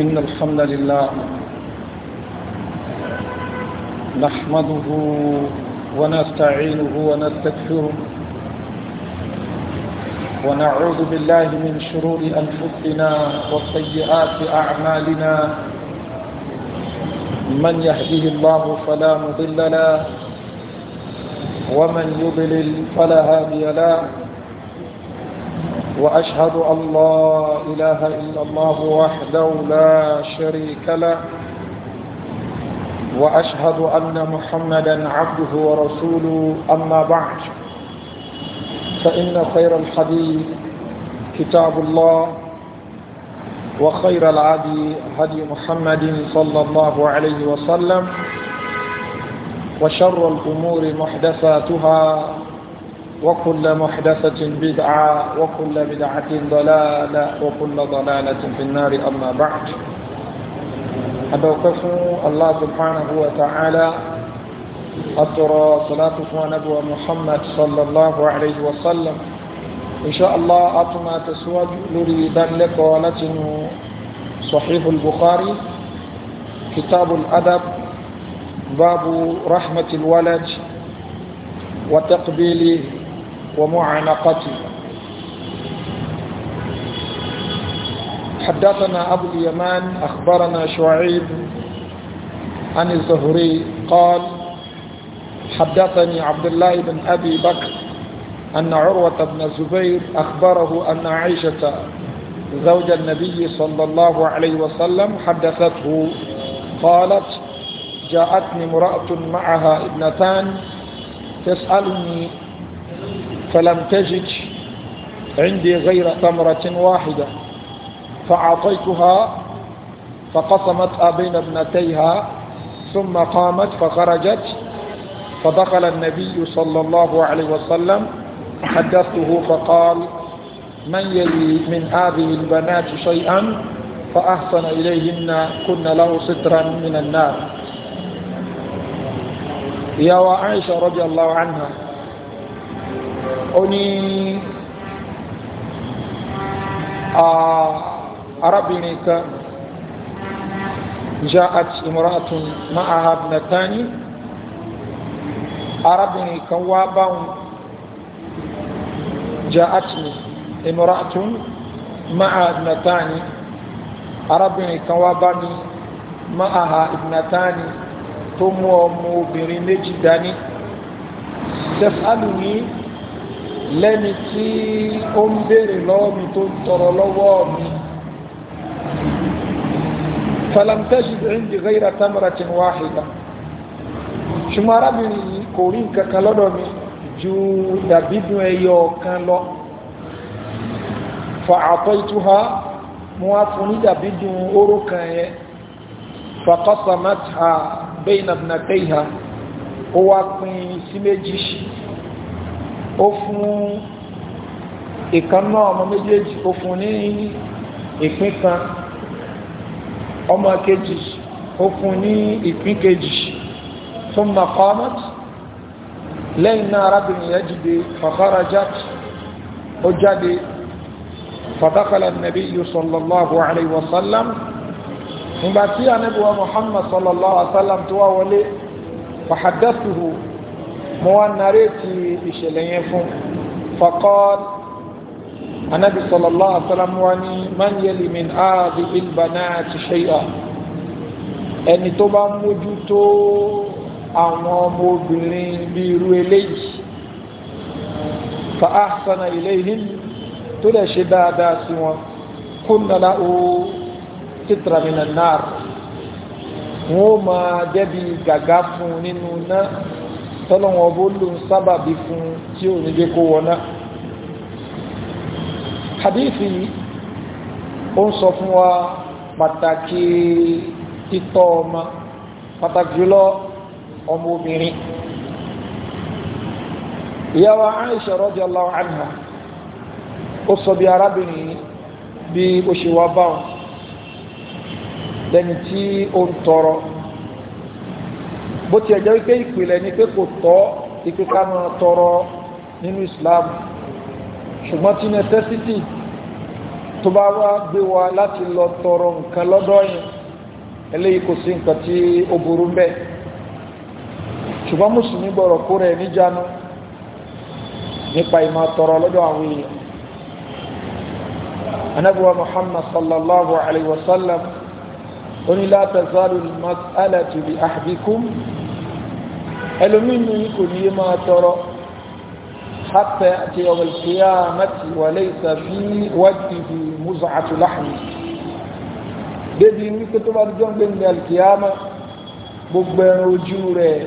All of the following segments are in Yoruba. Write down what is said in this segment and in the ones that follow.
إن الحمد لله نحمده ونستعينه ونستكفره ونعوذ بالله من شرور أنفسنا وسيئات أعمالنا من يهده الله فلا مضل له ومن يضلل فلا هادي له وأشهد أن لا إله إلا الله وحده لا شريك له وأشهد أن محمدا عبده ورسوله أما بعد فإن خير الحديث كتاب الله وخير العدي هدي محمد صلى الله عليه وسلم وشر الأمور محدثاتها وكل محدثة بدعة وكل بدعة ضلالة وكل ضلالة في النار أما بعد أدوكف الله سبحانه وتعالى أترى صلاة ونبوة محمد صلى الله عليه وسلم إن شاء الله أتما تسوج لري ذلك صحيح البخاري كتاب الأدب باب رحمة الولد وتقبيله ومعانقته حدثنا أبو اليمان أخبرنا شعيب عن الزهري قال حدثني عبد الله بن أبي بكر أن عروة بن الزبير أخبره أن عائشة زوج النبي صلى الله عليه وسلم حدثته قالت جاءتني امرأة معها ابنتان تسألني فلم تجد عندي غير تمرة واحدة فأعطيتها فقسمت بين ابنتيها ثم قامت فخرجت فدخل النبي صلى الله عليه وسلم حدثته فقال من يلي من هذه البنات شيئا فأحسن إليهن كن له سترا من النار يا عائشة رضي الله عنها ó ní arábìnrin kan jaat imratun ma'aha ibnatani arábìnrin kan wá báwọn jaat imratun ma'aha ibnatani arábìnrin kan wá bá ní ma'aha ibnatani tó mú ọmọ obìnrin méjì dání tẹ́fàlù lẹ́ni tí ó ń béèrè lọ́wọ́ mi tó ń tọrọ lọ́wọ́ mi falam tajid indi ghayra tamratin wahida ṣùgbọ́n arábìnrin yìí kò rí nǹkan kan lọ́dọ̀ mi ju dàbídùn ẹyọ kan lọ fa a'taytuha mo wá fún ní dàbídùn oró kan yẹn fa qasamatha bayna ibnatayha ó wá pín sí méjì ó fún ìkan náà ọmọ méjèèjì ó fún ní ìpín kan ọmọ kejì ó fún ní ìpín kejì fún maqamat lẹ́yìn náà arábìnrin yẹn dìde fakharajat ó jáde fadakala nabiyyu sallallahu alayhi wa sallam nígbà tí muhammad sallallahu alayhi wa sallam tó wá wọlé fahaddathuhu mo wá naréètì ìṣẹ̀lẹ̀ yẹn fún faqal anabi sallallahu alaihi wasallam wa ni man yali min aadi ilbanati shay'a ẹni tó bá mójútó àwọn ọmọ obìnrin bíi irú eléyìí fa ahsana ilayhin tó lè ṣe dáadáa sí wọn kunna lahu sitra minan nar wọn ó máa jẹ́bi gàgá fún nínú náà tọ́lọ́wọ́n bó lò ń sábàbí fún tí ò ní jẹ́ kó wọná hadithi ó ń sọ fún wa pàtàkì títọ́ ọmọ pàtàkì jùlọ ọmọ obìnrin ìyá wa Aisha radiyallahu anha ó sọ bí arábìnrin bí ó ṣe wá báwọn lẹ́ni tí ó ń tọrọ bó ti ẹ̀jẹ̀ wípé ìpìlẹ̀ ni pé kò tọ́ ipe ká tọrọ nínú Islam ṣùgbọ́n tí necessity tó bá wá gbé wa láti lọ tọrọ nǹkan lọ́dọ̀ yẹn eléyìí kò sí nǹkan tí ó burú bẹ́ẹ̀ ṣùgbọ́n mùsùlùmí gbọ́dọ̀ kó rẹ̀ níjànú nípa ìmọ̀ tọrọ lọ́dọ̀ àwọn èèyàn anabuwa Muhammad sallallahu alaihi wasallam oní la tazalu al-mas'alatu bi ahdikum ẹlòmínú yìí kò ní yé máa tọrọ hatta àti yawm al-qiyamati wa laysa fi wajhihi muz'atu lahmi débi wípé tó bá jọ́ gbé ní alkiyama gbogbo ẹran ojú rẹ̀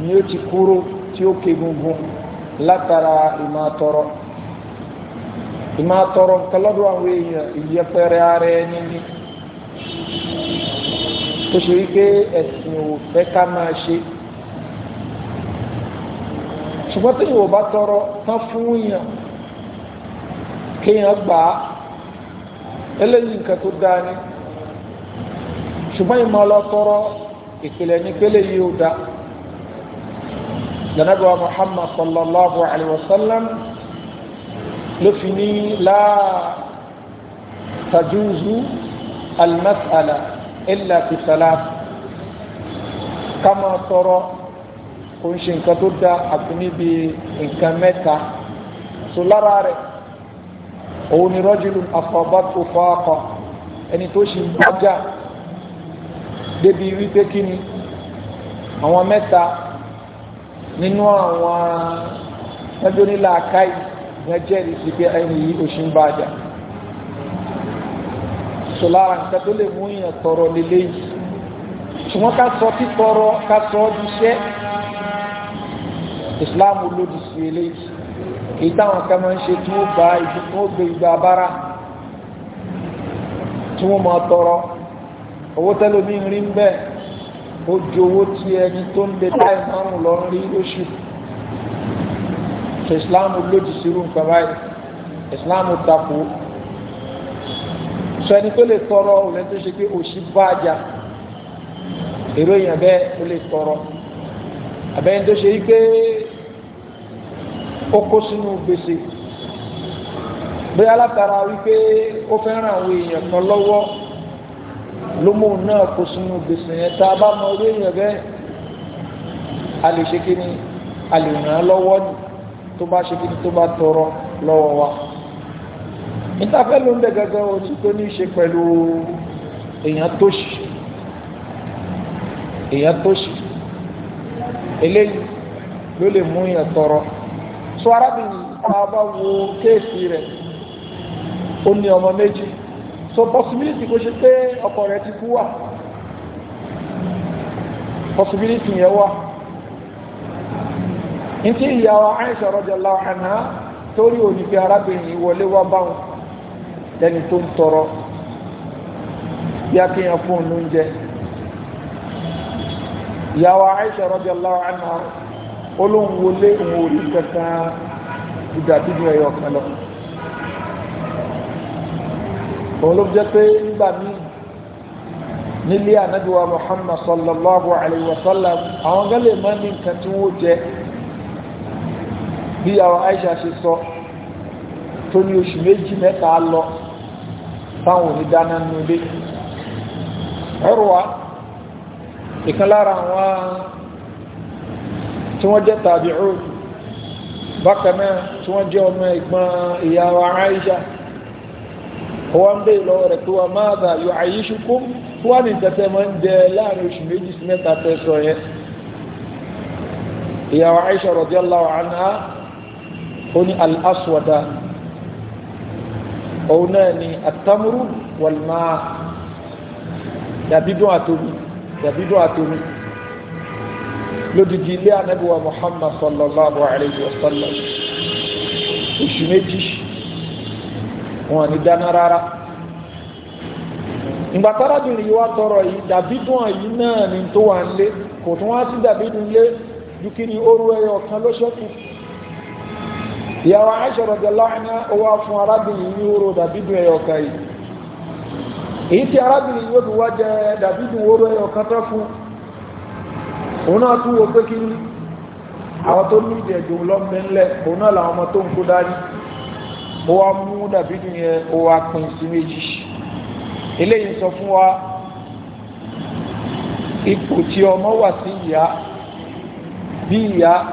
ni ó ti kúrò tí ó ké gungun látara ìmáa tọrọ ìmáa tọrọ nǹkan àwọn èèyàn ìyẹpẹrẹ ara ẹni ni tó ṣe wípé ẹ̀sìn ò fẹ́ ká máa ṣe ṣùgbọ́n tí yóò bá tọrọ tán fún yàn kéèyàn gbà á eléyìí nǹkan tó dáa ni ṣùgbọ́n ìmọ̀ lọ tọrọ ìpìlẹ̀ ní pélé yìí ó dáa janabu muhammad sallallahu alaihi wasallam ló fi ní la tajuzu المسألة إلا في ثلاث كما ترى kò ń ṣe nǹkan tó da àti níbi nǹkan mẹ́ta so lára rẹ̀ òun ni rọ́jùlù àfọ̀bátò fọ́ọ̀kọ̀ ẹni tó ṣe gbájà débi wípé kí ni àwọn mẹ́ta nínú àwọn ẹjọ́ nílà àkáì yẹn jẹ́rìí sí pé ẹni yìí ò ṣe ń bá a jà so lára nǹkan tó lè mú èèyàn tọrọ lélẹ́ yìí ṣùgbọ́n ká sọ títọrọ ká sọ ọ́ jíṣẹ́ Islam lòdì sí eléyìí kì í táwọn kan máa ń ṣe tí wọ́n gba ìdí tí wọ́n gbé ìgbà abára tí wọ́n máa tọrọ owó tẹ́lómi rí ń bẹ́ẹ̀ ó ju owó tí ẹni tó ń lè táì márùn lọ rí lóṣù Islam lòdì sí irú nǹkan báyìí Islam takò sọ ẹni tó lè tọrọ òun ẹni tó ṣe pé òṣì bá ajá èrò èèyàn bẹ́ẹ̀ ó lè tọrọ àbẹ́yẹn tó ṣe pé ó kó sínú gbèsè bóyá látara wípé ó fẹ́ràn àwọn èèyàn kan lọ́wọ́ ló náà kó sínú gbèsè yẹn tá a bá mọ orí èèyàn bẹ́ẹ̀ a lè ṣe kí ni a lè ràn án lọ́wọ́ tó bá ṣe kí ni tó bá tọrọ lọ́wọ́ wa ìtafẹ́ ló ń bẹ gẹ́gẹ́ oṣù tó ní í ṣe pẹ̀lú èèyàn tóṣì èèyàn tóṣì eléyìí ló lè mú èèyàn tọrọ sọ arábìnrin bá wo kéèsì rẹ̀ ó ní ọmọ méjì so possibility kó ṣe pé ọkọ rẹ̀ ti kú wà possibility yẹn wà ní tí ìyàwó Aisha radiyallahu anha torí òní pé arábìnrin wọlé wá báwọn lẹ́ni tó ń tọrọ bí a kí yan fún un lóúnjẹ ìyàwó Aisha radiyallahu anha olóhùn wọlé òun ò rí kankan ìdàbíbi ẹ̀yọ̀ kan lọ òun ló jẹ́ pé nígbà míì nílé ànábíwá Muhammad sallallahu alayhi wa sallam àwọn gẹ́lẹ̀ máa ní nǹkan tí wọ́n jẹ bí àwọn Aisha ṣe sọ tó oṣù méjì mẹ́ta lọ táwọn òní dáná nínú ilé Urwa ìkan lára àwọn tí wọ́n jẹ́ tabi'un bákan náà tí wọ́n jẹ́ ọmọ ìgbọ́n ìyá wa Aisha wọ́n ń bèèrè lọ́wọ́ rẹ̀ pé wọ́n máa dà yọ àyíṣùkún wọ́n ní tẹ́tẹ́ máa ń jẹ láàrin oṣù méjì sí mẹ́ta tẹ́sọ̀ yẹn ìyá wa Aisha radiyallahu anha ó ní al-aswada òun náà ni àtàmúrú wàlùmá dàbídùn àtomi dàbídùn àtomi lódìdí ilé anábíwá Muhammad sallallahu alayhi wa sallam oṣù méjì wọn ni dáná rárá ìgbà tárábìnrin yìí wá tọrọ yìí dàbídùn yìí náà ni tó wà ń lé kò tún wá sí dàbídùn lé dúkìrì oru ẹyọ kan ló ya wa aisha radiyallahu anha wa fun arabi yuro da bibi ya kai yi ti arabi ni yodu wa je da bibi woro ya kata fun ona tu o pe kini awa to ni de jo lo benle ona la omo to nku dari o wa mu da bibi ye o wa pin si meji eleyin so fun wa ipo ti si ya bi ya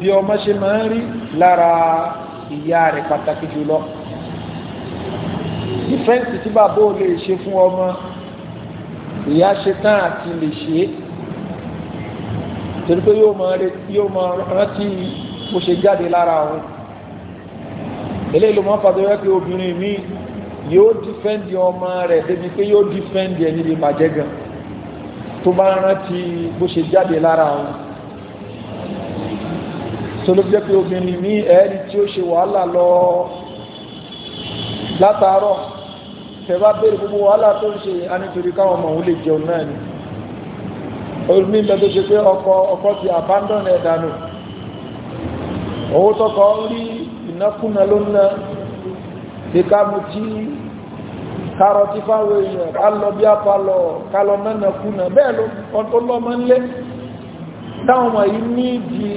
bí ọmọ ṣe máa ń rí lára ìyá rẹ̀ pàtàkì jùlọ dìfẹ́ǹsì tí bàbá ò lè ṣe fún ọmọ ìyá ṣe tán àti lè ṣe é torí pé yóò máa rántí bó ṣe jáde lára òun eléyìí ló máa ń fàtó pé obìnrin mi yóò dìfẹ́ǹdì ọmọ rẹ̀ débi pé yóò dìfẹ́ǹdì ẹni lè bàjẹ́ gan tó bá rántí bó ṣe jáde lára òun tó ló jẹ́ pé obìnrin ní ẹ̀ẹ́rì tí ó ṣe wàhálà lọ látàárọ̀ tẹ̀bá bèèrè gbogbo wàhálà tó ń ṣe anítorí káwọn ọmọ òun lè jẹun náà ni orí ìgbẹ́ tó ṣe pé ọkọ ọkọ ti abandon ẹ̀ dànù owó tọkọ rí ìnákúnà ló ń ná tí kárọ̀ fáwọn èèyàn ká lọ bí apalọ̀ ká lọ nánà bẹ́ẹ̀ ló ọtọ́ lọ́mọ ńlẹ́ táwọn ọmọ yìí ní ìdí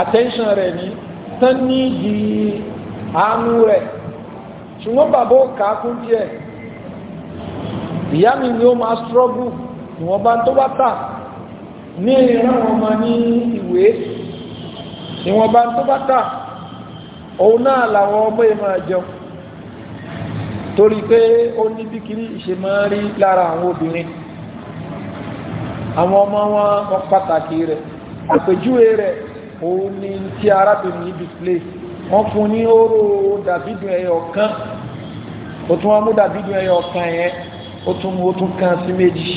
attention rẹ̀ ní tán ní di àánú rẹ̀ ṣùgbọ́n bàbá òkà kún díẹ̀ ìyá mi ni ó máa struggle ìwọ̀n bá tó bá tà ní ìran ọmọ ní ìwé ìwọ̀n bá tó bá tà òun náà làwọn ọmọ ìmọ̀ àjẹun torí pé ó ní bíkiri ìṣe máa rí lára àwọn obìnrin àwọn ọmọ wọn pàtàkì rẹ̀ àpèjúwe rẹ̀ òun ni tí arábìnrin yìí display wọ́n fún ní oró dàbídùn ẹyọ kan ó tún wọ́n mú dàbídùn ẹyọ kan yẹn ó tún mú ó tún kan sí méjì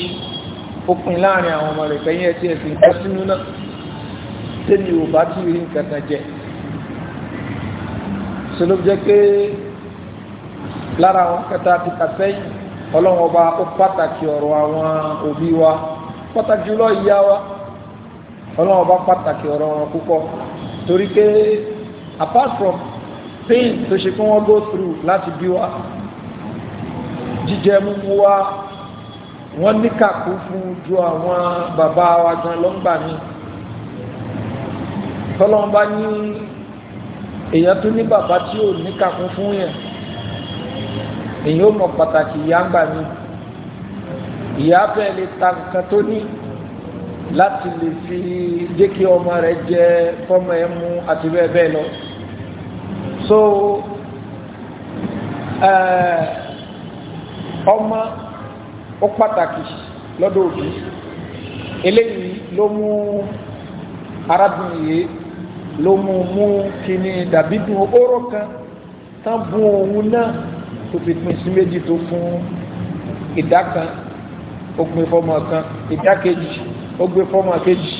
ó pin láàrin àwọn ọmọ rẹ̀ kẹ́yìn ẹtí ẹ̀sìn nǹkan sínú náà tẹ́mi ò bá tí rí nǹkan kan jẹ ṣe ló jẹ́ pé lára àwọn kẹta ti kà sẹ́yìn ọlọ́run ọba ó pàtàkì ọ̀rọ̀ àwọn òbí wa pàtàkì jùlọ ìyá wa ọlọ́wọ́ bá pàtàkì ọ̀rọ̀ wọn púpọ̀ torí pé apart from pain tó ṣe kí wọ́n go through láti bí wa jíjẹ múmú wa wọ́n níkàkú fún ju àwọn bàbá wa gan lọ́ngbà mi tọ́lọ́n bá ní èèyàn tó ní bàbá tí ò níkàkú fún yẹn èèyàn ó mọ pàtàkì ìyá ń gbà mi ìyá fẹ́ lè ta nǹkan tó ní láti lè fi jẹ́ kí ọmọ rẹ̀ jẹ fọ́mọ ẹ̀ mú àti bẹ́ẹ̀ bẹ́ẹ̀ lọ so eh, ọmọ ó pàtàkì lọ́dọ̀ òbí eléyìí ló mú arábìnrin yìí ló mú mú kíní dàbí dùn oró kan tán bùn òun náà tó fi pín sí méjì tó fún ìdá kan ó pín fọ́mọ kan ìdá kejì ó gbé fọ́mà kejì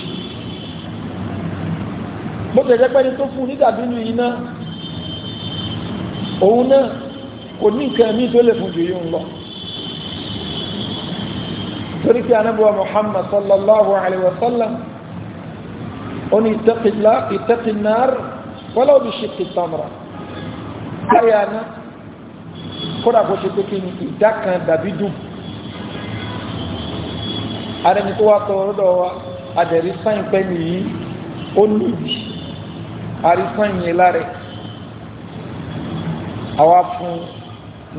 bó tẹ̀lé pẹ́ni tó fún nídàbí nù yìí náà òun náà kò ní nǹkan mí tó lè fún jù yìí ń lọ torí pé anábíwá Muhammad sallallahu alaihi wa sallam ó ní ìtẹ́kìlá ìtẹ́kìlnáàr wọ́lá ó ní ṣe kìtàmùrà báyà náà kódà kó ṣe pé kí ni ìdá kan dàbí dùn arẹni tó wá tọrọ dọ̀ wa adẹ̀rí sáyìn pẹ́ nìyí ó níbi àrí sáyìn yẹn lára àwa fún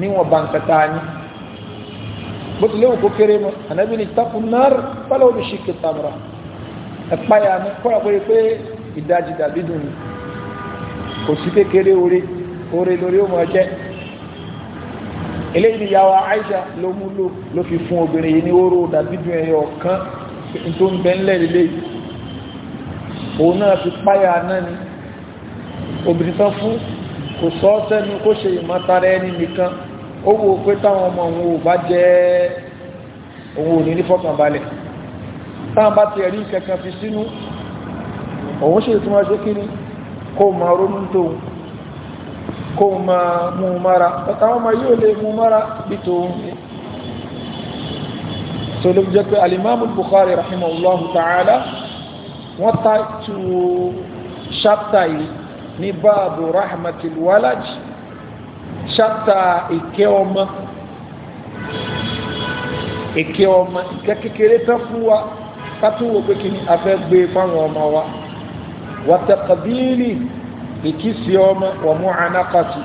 níwọ̀n bàǹkàtà ni bó tilẹ̀ wò kó kéré mọ́ ànábì ní takùn náà pálọ̀ ó lè ṣe yà pé ìdajì dàbí dùn eléyìí ni yàwó Aisha ló mú ló fi fún obìnrin yìí ní oró dàbí ẹyọ kan tó ń bẹ ńlẹ̀ lélẹ̀ òun náà fi páyà náà ni obìnrin tán fún kò sọ ọ́ sẹ́nu kó ṣe ìmọ̀tara ẹni nìkan ó ọmọ òun ò bá òun ò ní ní táwọn bá fi sínú òun kó máa mú mára ọ̀tàwọn ọmọ yóò lè mú mára bí tòun ní sọlọ́ jẹ́ pé alimami Bukhari rahimahullahu ta'ala wọ́n ta tu ṣáptà yìí ní báàbù rahmatil walaj ṣáptà ọmọ ìkẹ́ ọmọ ìkẹ́ kékeré tán fún wa ká tún wò pé kí ni a fẹ́ gbé fáwọn ọmọ wa wàtàkàbílì ikisi ọmụ ọmọ anakọtì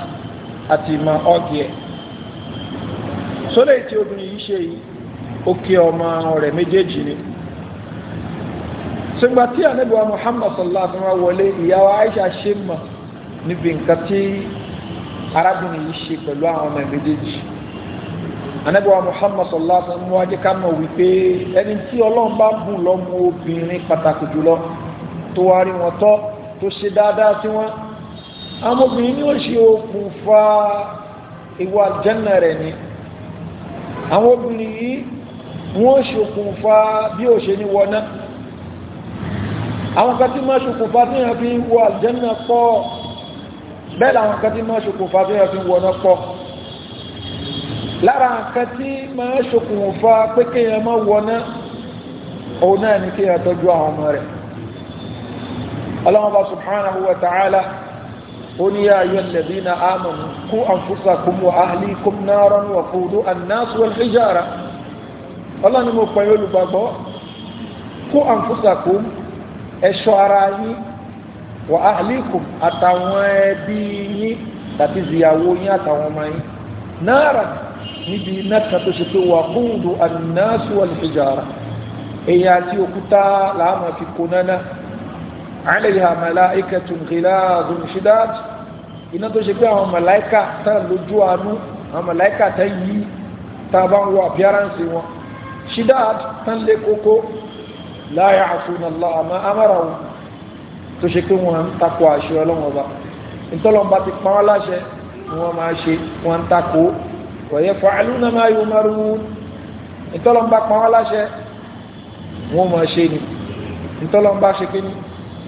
àti ma ọ̀gì ẹ̀ sólè tí obìnrin yìí ṣe yìí ọmụ kí rẹ rẹ̀ méjèèjì ni sígbà tí ànábìwá Muhammad sallallahu alaihi wa sallam wọlé ìyàwó Aisha ṣe mọ̀ níbi nǹkan tí arábìnrin yìí ṣe pẹ̀lú àwọn ọmọ méjèèjì anabiwa muhammad sallallahu alaihi wa sallam wájú ká wípé ẹni tí ọlọ́run bá lọ́mọ obìnrin pàtàkì jùlọ àwọn obìnrin ni ó ṣe okùnfà ìwà àlùjánnà rẹ̀ ni àwọn obìnrin yìí wọ́n ṣokùnfà bí ó ṣe ní wọná àwọn kan tí máa ṣokùnfà tí wọ́n fi ń wọ àlùjánnà pọ̀ bẹ́ẹ̀ làwọn kan tí máa ṣokùnfà tí wọ́n fi ń wọná pọ̀ lára nǹkan tí máa ṣokùnfà pé kéèyàn máa wọná òun náà ni kéèyàn tọ́jú àwọn ọmọ rẹ̀ Allah subhanahu wa ta'ala قل يا أيها الذين آمنوا قوا أنفسكم وأهليكم نارا وقودوا الناس والحجارة الله نمو قيول بابا قوا أنفسكم أشعراني وأهليكم أتوابيني تتزي يوني أتوامي نارا مدينة تشتو وقودوا الناس والحجارة إياتي وكتا لاما في كوننا alayha malaikatun ghiladun shidad iná tó ṣe pé àwọn màláìkà tá lójú àánú àwọn màláìkà tá yí tá bá ń wọ appearance wọn shidad tán lé kókó la ya'suna Allaha ma amarahum tó ṣe pé wọn ń takò àṣẹ ọlọ́wọ́n ọba ìtọ́lọ́mba ti pa wọ́n láṣẹ wọn máa ṣe wọn ń takò wa yaf'aluna ma yu'marun ìtọ́lọ́mba pa wọ́n láṣẹ wọn máa ṣe ni ìtọ́lọ́mba ṣe kí ni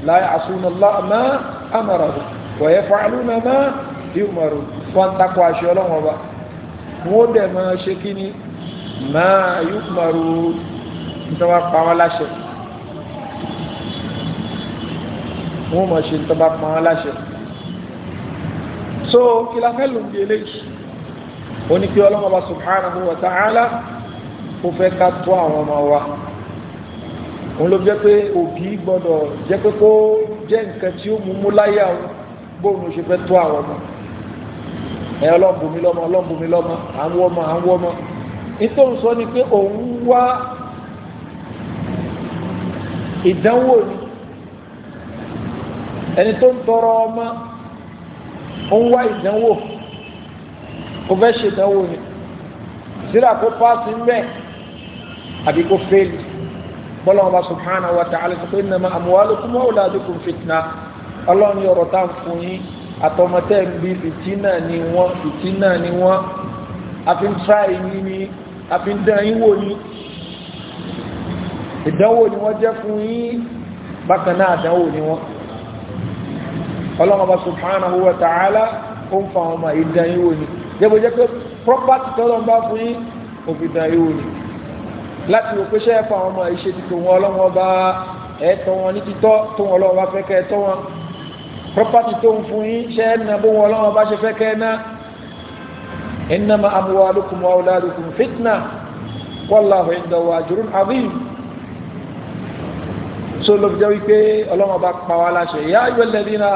لا يعصون الله ما أمرهم ويفعلون ما يؤمرون wọ́n takọ̀ àṣẹ ọlọ́run ọba wọ́n dẹ̀ máa ṣe kí ni máa yùkùmọ̀rù ìtọ́ba pa wọ́n láṣẹ wọ́n máa ṣe ìtọ́ba pa wọ́n láṣẹ so kí la fẹ́ lò ń gbé eléyìí ó ní kí ọlọ́run ọba subhanahu wa ta'ala ó fẹ́ ká tó àwọn ọmọ wa òun ló jẹ́ pé òbí gbọ́dọ̀ jẹ́ pé kó jẹ́ nǹkan tí ó mú mú láyà o bóun ṣe fẹ́ tó àwọn ọmọ ẹ ọlọ́bùnmi lọ́mọ ọlọ́bùnmi lọ́mọ àwọn ọmọ àwọn ọmọ nítorí sọ ni pé òun wá ìdánwò ni ẹni tó ń tọrọ ọmọ ó wá ìdánwò kò fẹ́ ṣèdánwò ni síra kó pàṣẹ ń bẹ̀ àbí kó fẹ́ẹ̀lì bọ́lọ́mọba subhanahu wa ta'ala sọ pé innama amwalukum wa auladukum fitna ọlọ́run yọ̀rọ̀ tá ń fún yín àtọmọtẹ́ ń bí fìtínà ni wọ́n fìtínà ni wọ́n àfi ń tíráì yín ni àfi ń dán yín wò ní ìdánwò ni wọ́n jẹ́ fún yín bákan náà àdánwò ni wọ́n ọlọ́mọba subhanahu wa ta'ala ó ń fa ọmọ ìdán yín wò ní jẹ́bọ́jẹ́ pé property tọ́lọ́ fún yín òfin dán yín wò ní láti wò pé sẹ́ẹ̀fà àwọn ọmọ ìṣe ti tòun ọlọ́wọ́ bá ẹ̀tọ́ wọn ní títọ́ tóun ọlọ́wọ́ bá fẹ́ kẹ́ ẹ̀tọ́ wọn property tó ń fún yín ṣe ẹ̀nà bó wọn ọlọ́wọ́ bá ṣe fẹ́ kẹ́ ẹ̀ná innama amwalukum wa auladukum fitna wallahu indahu ajrun azim so ló fi jẹ́ wípé ọlọ́wọ́ bá pa wá láṣẹ ya ayyuhalladhina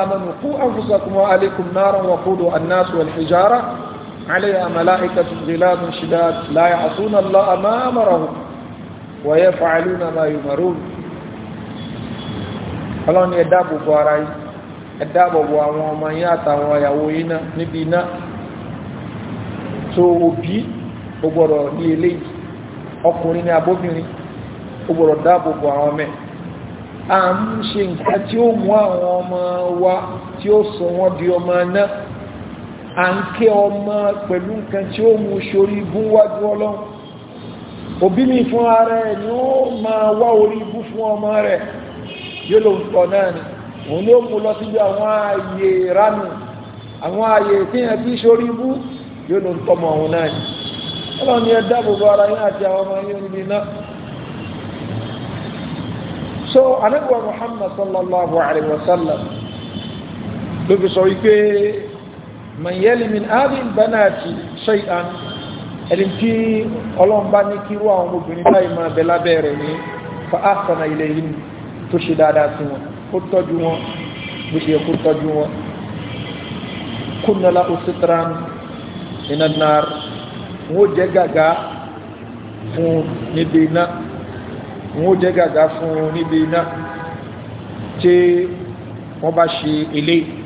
لا يعصون الله ما ويفعلون ما يمرون ọlọ́run ni ẹ̀dá àbòbò ara yìí ẹ̀dá àbòbò àwọn ọmọ yìí àtàwọn ìyàwó yìí náà níbi iná tó òbí ó gbọ́dọ̀ ní eléyìí ọkùnrin ní ọmọ ṣe nǹkan tí ó mú àwọn ọmọ wa tí ó sọ di ọmọ náà ọmọ pẹ̀lú tí ó òbí mi fún ara ẹ̀ ni ó máa wá orí ibú fún ọmọ rẹ̀ yóò ló ń sọ náà ni òun ni ó mú lọ síbi àwọn ààyè ránù àwọn ààyè tíyàn tí sórí ibú yóò ló ń tọmọ òun náà ni ọlọ́run ni ẹ dáàbò ara yín àti àwọn ọmọ yín níbi náà so anábìwá Muhammad sallallahu alayhi wa sallam ló fi sọ wípé man yalimi min adi banati shay'an ẹni tí ọlọ́run bá ní kírú àwọn obìnrin báyìí máa bẹ lábẹ́ rẹ̀ ní fa ahsana ilayhin tó ṣe dáadáa sí wọn kó tọ́jú wọn bó ṣe yẹ kó tọ́jú wọn kunna lahu sitran wọn ó jẹ́ gàgá fún níbi iná wọn ó jẹ́ gàgá fún níbi iná tí wọ́n bá ṣe eléyìí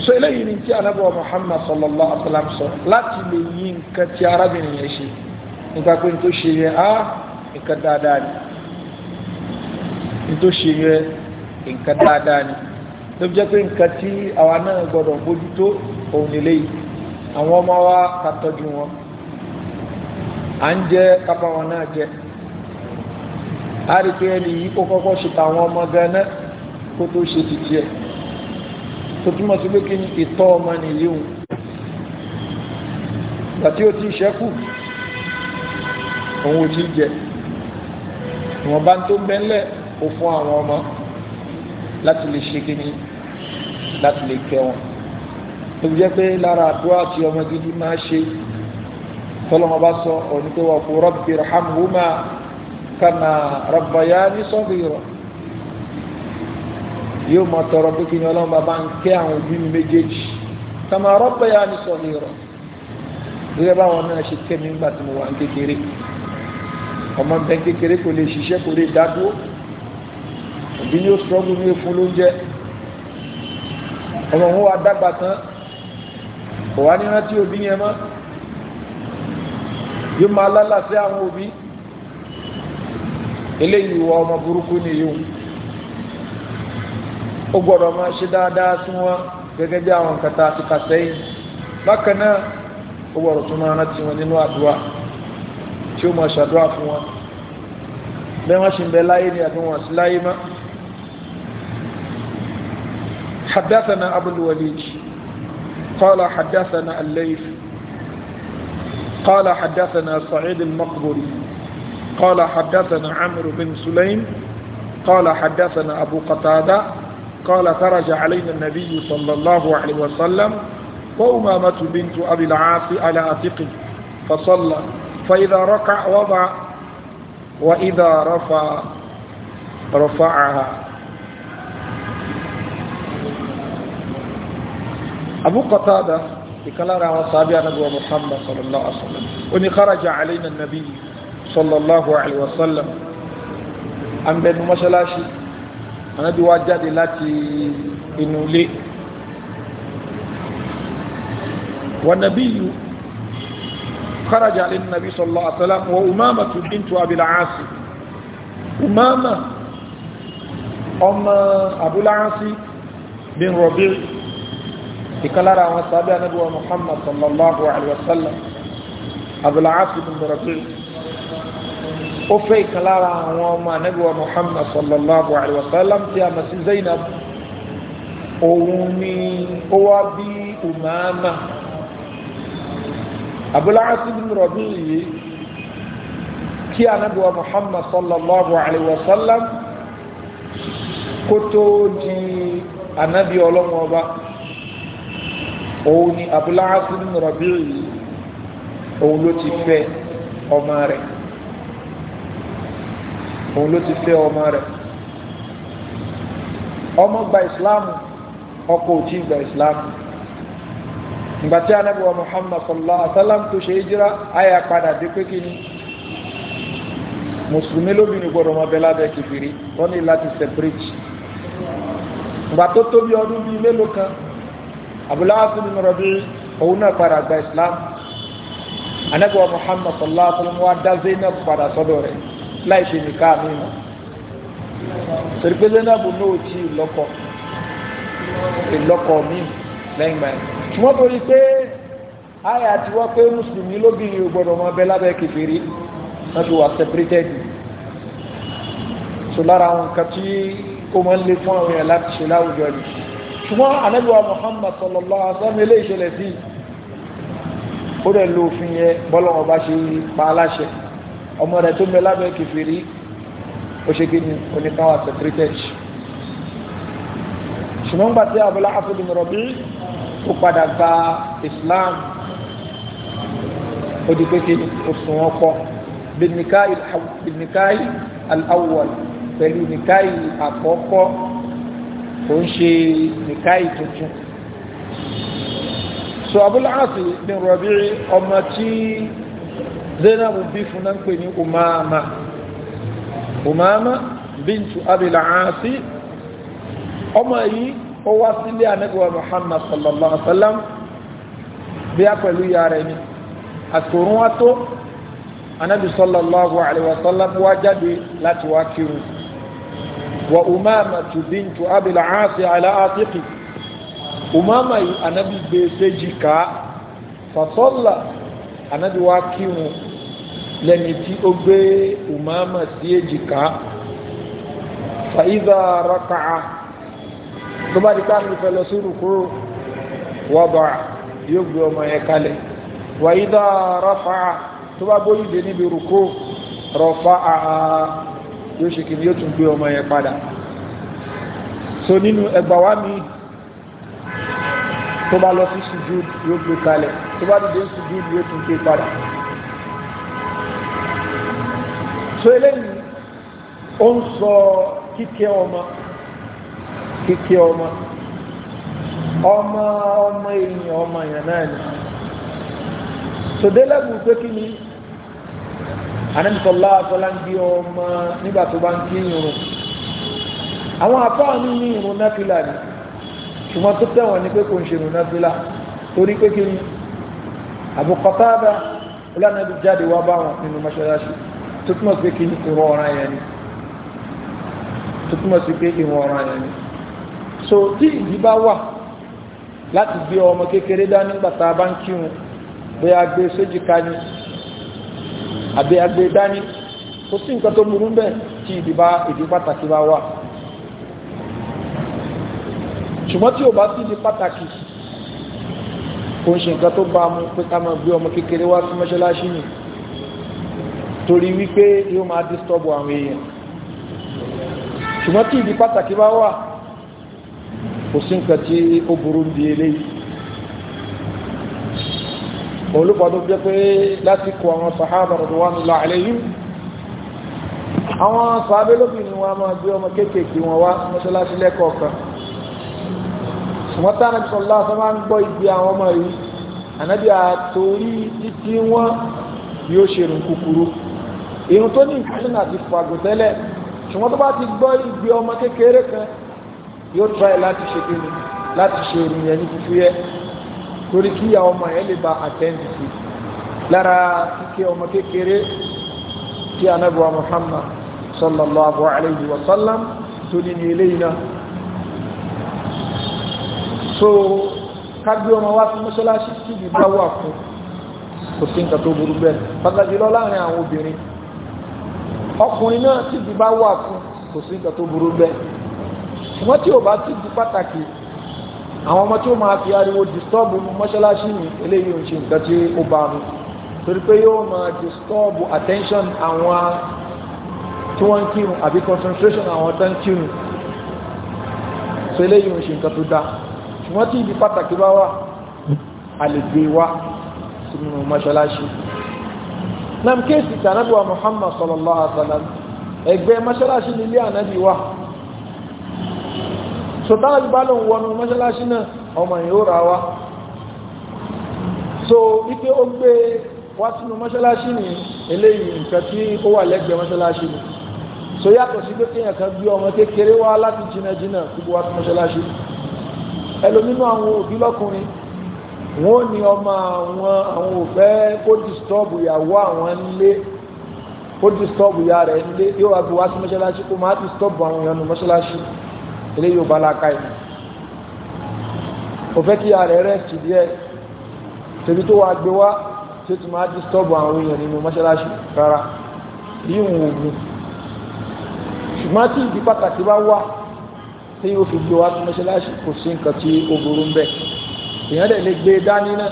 so eléyìí ni tí anábọ̀ Muhammad sallallahu alaihi wa sallam sọ láti lè yí nǹkan tí arábìnrin yẹn ṣe nípa pé n tó ṣe yẹ á nǹkan dáadáa ni n tó ṣe yẹ nǹkan dáadáa ni tó fi jẹ́ pé nǹkan tí àwa náà gbọ́dọ̀ bójútó òun nílé yìí àwọn ọmọ wa ká tọ́jú wọn à ń jẹ́ kápá wọn náà jẹ́ á rí pé ẹni yìí kó kọ́kọ́ ṣe tàwọn ọmọ gan náà kó tó ṣe tìtì ẹ̀ tó túmọ̀ sí pé kí ni ìtọ́ ọmọ nìyí òun ìgbà tí ó ti ṣẹ́kù òun ò ti jẹ ìwọ̀n bá ń tó bẹ́ńlẹ̀ ó fún àwọn ọmọ láti lè ṣe kíni láti lè kẹ́ wọn tó jẹ́ pé lára àdúrà tí ọmọ gidi máa ṣe tọ́lọ́mọ bá sọ òní pé wà fún rabbi rahamhuma kama rabbayani saghira yóò mọ tọrọ pé kí ni ọlọ́run bàbá ń kẹ́ àwọn òbí mi méjèèjì kàmá rọ́pẹ́ yá ni sọ̀rọ̀ ìrọ̀ gẹ́gẹ́ báwọn náà ṣe kẹ́ mi nígbà tí mo wà ń kékeré ọmọ bẹ́ẹ̀ kékeré kò lè ṣiṣẹ́ kò lè dádúró òbí yóò sọ́gbù ní efun lóúnjẹ ọmọ òun wa dàgbà tán kò wá ní rántí òbí yẹn mọ́ yóò máa lálàsẹ́ àwọn òbí eléyìí wọ ọmọ burúkú nìyí ó gbọ́dọ̀ máa ṣe dáadáa sí wọn gẹ́gẹ́ bí àwọn nǹkan tá a ti kà sẹ́yìn bákan náà ó gbọ́dọ̀ tún máa rántí wọn nínú àdúrà tí ó máa ṣàdúrà fún wọn bí wọ́n ṣe ń bẹ láyé ni àbí wọn sí láyé mọ́. حدثنا أبو الوليد قال حدثنا الليث قال حدثنا سعيد المقبري قال حدثنا عمرو بن سليم قال حدثنا أبو قتادة قال خرج علينا النبي صلى الله عليه وسلم وأمامة بنت أبي العاص على عاتقه فصلى فإذا ركع وضع وإذا رفع رفعها أبو قتادة قال رأى صحابي نبي محمد صلى الله عليه وسلم أن خرج علينا النبي صلى الله عليه وسلم أن بن مشلاشي ànábì wá jáde láti inú ilé wànàbíyù kharaja alẹ́ nàbí sallallahu alaihi wasallam wa umama tu bintu abil aas umama ọmọ abul aas bin rabi ìkàlára àwọn sábẹ́ ànábì wa muhammad sallallahu alaihi wasallam abul aas bin rabi' ó fẹ́ ìkan lára àwọn ọmọ anábíwa muhammad sallallahu alaihi wasallam tí a mọ̀ sí zainab òun ni ó wá bí umama abúláhásí bin rọ̀bí yìí kí anábíwa muhammad sallallahu alaihi wasallam kó tó di anábí ọlọ́wọ́ ọba òun ni abúláhásí bin rọ̀bí yìí òun ló ti fẹ́ ọmọ rẹ̀ òun ló ti fẹ́ ọmọ rẹ̀ ọmọ gba ìsìláàmù ọkọ ò tí gba ìsìláàmù ìgbà tí ànábì wa Muhammad sallallahu alaihi wa sallam tó ṣe hijira àyà padà dé pé kí ni mùsùlùmí lóbìnrin gbọdọ̀ ọmọ bẹ́ẹ̀ lábẹ́ kìfìrí wọ́n ní láti separate ìgbà tó tóbi ọdún bíi mélòó kan abúláwàsí ni mọ̀rọ̀ bí òun náà padà gba ìsìláàmù ànábì wa Muhammad sallallahu alaihi wa sallam wá dá Zainab padà sọ́dọ̀ rẹ̀ láì ṣe nìka mi mọ́ torí pé zainabu náà ti lọ́kọ ìlọ́kọ mi lẹ́yìn gbà yẹn ṣùgbọ́n torí pé àyà ti wá pé mùsùlùmí lóbìnrin ò gbọ́dọ̀ mọ bẹ́ẹ̀ lábẹ́ kẹfìrí wọ́n ti wà separated so lára àwọn nǹkan tí ó máa ń lé fún àwọn èèyàn láti ṣe láwùjọ ni ṣùgbọ́n anábìwá Muhammad sallallahu alaihi wasallam ilé ìṣẹ̀lẹ̀ sí ó dẹ̀ lo òfin yẹn bọ́lọ́wọ́ ṣe pa aláṣẹ ọmọ rẹ̀ tó ń bẹ lábẹ́ kìfìrí ó ṣe kí ni oníkan wà secretage ṣùgbọ́n gbà tí Abul Aas bin Rabi ó padà gba Islam ó di pé kí ni ó sùn wọn pọ̀ bìnníkáì al pẹ̀lú nìkáì àkọ́kọ́ kò ń ṣe nìkáì tuntun so Abul Aas bin ọmọ tí zainab bí fún náà ń pè ní umama umama bintu abilaasi ọmọ yìí ó wá sílé anẹ́gbẹ̀wà muhammad sallallahu alaihi wasallam bí a pẹ̀lú ìyá rẹ̀ ni àtòrún wá tó anábì sallallahu alaihi wasallam wá jáde láti wá kírun wa umama tu bintu abilaasi ala atiqi umama yìí anábì gbé e séjì ká fasọ́lá anábì wá lẹ́ni tí ó gbé umama sí èjìká fàíza raka'a tó bá di káàmì fẹ́ lọ sí rukuru wàbà yóò gbé ọmọ yẹn kalẹ̀ wàíza rafa'a tó bá bóyú dé níbi ruku rafa'a yóò ṣe kìí yóò tún gbé ọmọ yẹn padà so nínú ẹgbà wá mi tó bá lọ sí sujud yóò gbé kalẹ̀ tó bá dìde sujud yóò tún gbé padà so eléyìí ó ń sọ kíkẹ́ ọmọ kíkẹ́ ọmọ ọmọ ọmọ èèyàn ọmọ èèyàn náà ni sòdélẹ́bù pé kí ni anamisọlá afọlá ń bí ọmọ nígbà tó bá ń kí irun àwọn afọ́ àmì ní irun náfìlà ni ṣùgbọ́n tó tẹ̀wọ̀n ni pé kò ń ṣe irun náfìlà torí pé kí ni àbùkọ́tà bá ọlànà ibi jáde wá bá wọn nínú mọ́ṣáláṣí tó túmọ̀ sí pé kí ni ìwọ ọ̀ràn yẹn ni tó túmọ̀ sí pé ìwọ ọ̀ràn yẹn ni so tí ìdí bá wà láti gbé ọmọ kékeré dání bàtà bá ń kírun bóyá gbé sójìká ni àbí agbé dání kò sí nǹkan tó burú bẹ́ẹ̀ tí ìdí ìdí pàtàkì bá wà ṣùgbọ́n tí ò bá sí ìdí pàtàkì kò ń ṣe nǹkan tó bá mú pé ká máa gbé ọmọ kékeré wá sí mọ́ṣáláṣí nìyí torí wípé yóò máa disturb àwọn èèyàn ṣùgbọ́n tí ìdí pàtàkì bá wà kò sí nǹkan tí ó burú di eléyìí olùpàdó jẹ́ pé lásìkò àwọn sàhábà radwanullahi alayhim àwọn sàábé lóbìnrin wọn máa gbé ọmọ kéékèèké wọn wá mọ́ṣáláṣí lẹ́kọ̀ọ̀kan ṣùgbọ́n tánà sallallahu alaihi wasallam ń gbọ́ ìgbé àwọn ọmọ yìí ànábì àtòrí títí wọn yóò ṣe rùn kúkúrú irun tó ní ìfúnṣẹ́ àti fàgùn tẹ́lẹ̀ ṣùgbọ́n tó bá ti gbọ́ ìgbé ọmọ kékeré kan yóò try láti ṣe kíni láti ṣe ìrìn yẹn ní fífi yẹ torí kí ìyá ọmọ yẹn lè ba àtẹ́ǹdì sí lára kíkẹ́ ọmọ kékeré tí anábùwà Muhammad sallallahu alayhi wa sallam tó ní ní eléyìí náà so kágbé ọmọ wá sí mọ́ṣáláṣí tí ìbí bá kò sí nǹkan tó burú bẹ́ẹ̀ pàtàkì lọ àwọn obìnrin ọkùnrin náà tí di bá wà fún kò sí nǹkan tó burú bẹ́ẹ̀ ṣùgbọ́n tí ò bá ti di pàtàkì àwọn ọmọ tí ó máa fi ariwo dìstọ́ọ̀bù mọ́ṣáláṣí mi eléyìí ò ń ṣe nǹkan tí ó bá mi torí pé yóò máa dìstọ́ọ̀bù attention àwọn tí wọ́n ń kírun àbí concentration àwọn tó ń kírun so eléyìí ò ń ṣe nǹkan tó dá ṣùgbọ́n tí ibi pàtàkì bá wà a e wá sínú mọ́ṣáláṣí nam kéèsì tí anabi wa muhammad sallallahu alaihi wa sallam ẹgbẹ́ mọ́ṣáláṣí ní ilé anabi wa sọ̀tàn àti bá lòun wọnú mọ́ṣáláṣí náà ọmọ yóò wa so wípé ó gbé wá sínú mọ́ṣáláṣí ní eléyìí nǹkan tí ó wà lẹ́gbẹ̀ẹ́ mọ́ṣáláṣí ni so yàtọ̀ sí pé kéèyàn kan bí ọmọ kékeré wá láti jìnnà jìnnà gbogbo wá sí mọ́ṣáláṣí ẹlòmínú àwọn òbí lọ́kùnrin wọ́n ní ọmọ àwọn àwọn òfẹ́ kó disturb ìyàwó àwọn nílé kó disturb ìyá rẹ̀ nílé yóò wá fi wá sí mọ́ṣáláṣí kó máa disturb àwọn èèyàn ní mọ́ṣáláṣí eléyìí ò bá láka ìlú òfẹ́ kí ìyá rẹ̀ rest díẹ̀ tèmi tó wá gbé wá tí ó ti máa disturb àwọn èèyàn nínú mọ́ṣáláṣí rárá yìí ń wò mí ṣùgbọ́n tí ìdí pàtàkì bá wà tí yóò fi gbé wá sí mọ́ṣáláṣí kò sí nǹkan tí ó burú ń bẹ́ẹ̀ èèyàn dẹ̀ lè gbé e dání náà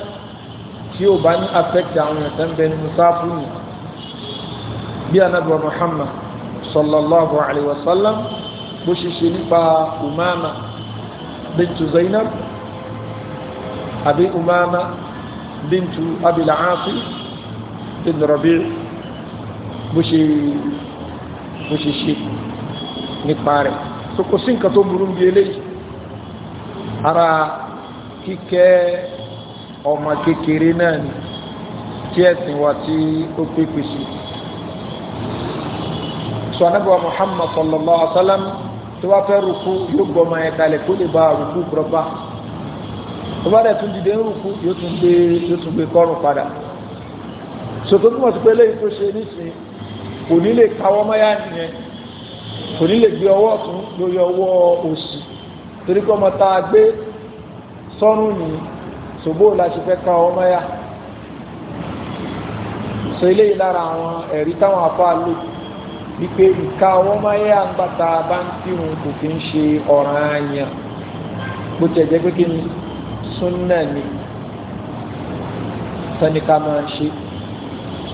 tí ó bá ní affect àwọn èèyàn tẹ́ ń bẹ nínú sáfù ni bí anábọ̀ Muhammad sallallahu alayhi wa sallam bó ṣe ṣe nípa Umama bintu Zainab àbí Umama bintu Abil Aasi Rabi' bó ṣe bó ṣe ṣe nípa rẹ̀ so kò sí nǹkan tó burú bí eléyìí ara kíkẹ́ ọmọ kékeré náà ni tí ẹ̀sìn wa tí ó pépè sí sọ̀nàbọ̀ Muhammad sallallahu alaihi wa sallam tó bá fẹ́ rúkú yóò gbọmọ ẹ̀ kalẹ̀ kó lè ba rúkú kúrọ́bà tó bá dẹ̀ tún dìde ń rúkú yóò tún gbé yóò tún gbé kọ́rùn padà sọ̀tò tó mọ̀ sí pé lẹ́yìn tó ṣe nísìnyí kò ní lè káwọ́ mọ́yá nìyẹn kò ní lè gbé ọwọ́ ọ̀tún lórí ọwọ́ òsì torí kọ́ ọmọ tá a gbé sọ́run ní ṣògbó láti fẹ́ ká ọmọ yá sọ eléyìí lára àwọn ẹ̀rí táwọn afá lò wípé ìka ọmọ yá ń bàtà bá ń kírun kò kí ń ṣe ọ̀ràn àyàn bó tiẹ̀ jẹ́ pé kí ni súnnà máa ń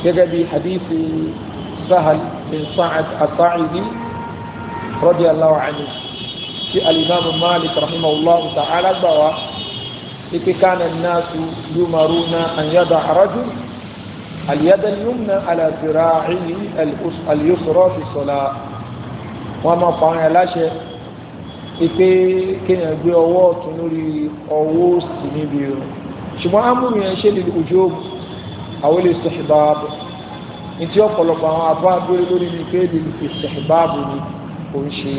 ṣe gẹ́gẹ́ bí hadithi sahal bin sa'ad as-sa'idi radiyallahu anhu ti alimami malik rahimahullahu ta'ala gbà wá ipe kana nasu yumaruna an yada araju aliyada yumna ala zira'ihi al-yusra fi salat wọn máa pa àwọn aláṣẹ ipe kéèyàn gbé ọwọ́ ọ̀tún lórí ọwọ́ òsì níbi irun ṣùgbọ́n amúmi ẹ̀ ṣe lè ojú ògùn àwọn ilé istihbab ntí ọ̀pọ̀lọpọ̀ àwọn abá abúlé lórí mi pé lè istihbab ni kò ń ṣe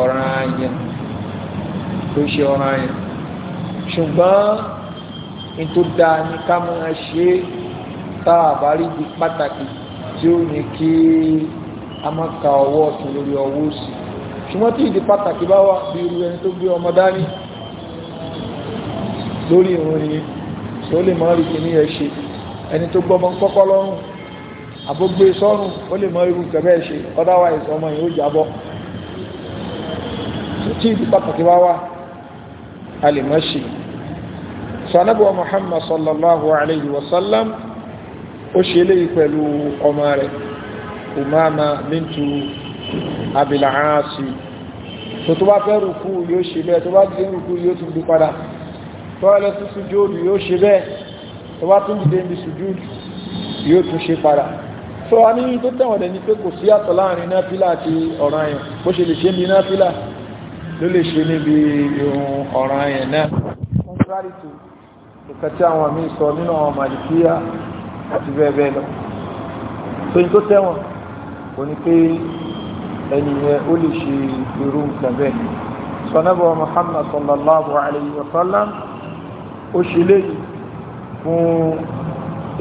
ọ̀ràn yẹn kò ń ṣe ọ̀ràn yẹn ṣùgbọ́n ètò dáa ní ká máa ṣe tá a bá rí di pàtàkì tí ó ní kí a máa ka ọwọ́ ọ̀tún lórí ọwọ́ òsì ṣùgbọ́n tí ìdí pàtàkì bá wà bí irú ẹni tó gbé ọmọ dání lórí ìrun ni tó lè máa rí kìíní ẹ ṣe ẹni tó gbọmọ kọ́kọ́ lọ́rùn àbógbé e sọ́rùn ó lè máa irú kẹ̀bẹ́ ṣe otherwise ọmọ yìí ó jábọ́ tí ìdí pàtàkì bá wà a lè máa ṣe sanabuwa muhammad sallallahu alayhi wa sallam ó ṣe léyìí pẹ̀lú ọmọ rẹ̀ umama bintu abilaasi tó tó bá fẹ́ rùkú yóò ṣe bẹ́ẹ̀ tó bá ti rùkú yóò tún bí padà tó bá lọ sí sùjúdù yóò ṣe bẹ́ẹ̀ tó bá tún dìde ní sùjúdù yóò tún ṣe padà tó a ní tó tẹ̀wọ̀n dẹ̀ ni pé kò sí àtọ̀ láàrin náfílà àti ọ̀ranyàn bó ṣe lè ṣe ní náfílà ló lè ṣe níbi ìrun ọ̀ranyàn náà nǹkan tí àwọn míì sọ nínú àwọn màlìkíyà àti bẹ́ẹ̀ bẹ́ẹ̀ lọ so ní tó tẹ́wọ̀n kò ní pé ẹni yẹn ó lè ṣe irú nǹkan bẹ́ẹ̀ sọ̀nàbọ̀ Muhammad sallallahu alayhi wa sallam ó ṣe léyìí fún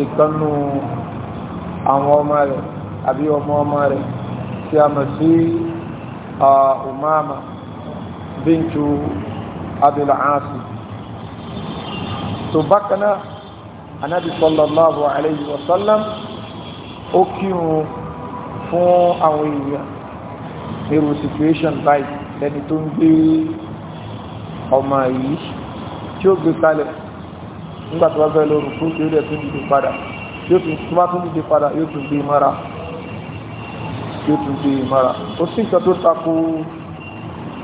ìkànnù àwọn ọmọ rẹ̀ àbí ọmọ ọmọ rẹ̀ tí a mọ̀ sí uh, Umama bintu Abdul Aasi so bákan náà anabi sallallahu alayhi wa sallam ó kírun fún àwọn èèyàn nírú situation báyìí lẹni tó ń gbé ọmọ yìí tí ó gbé kalẹ̀ nígbà tó bá fẹ́ lọ́rùn fún tí ó dẹ̀ tún dìde padà yóò tún tó bá tún dìde padà yóò tún gbé mara yóò tún gbé mara ó sì sọ tó takò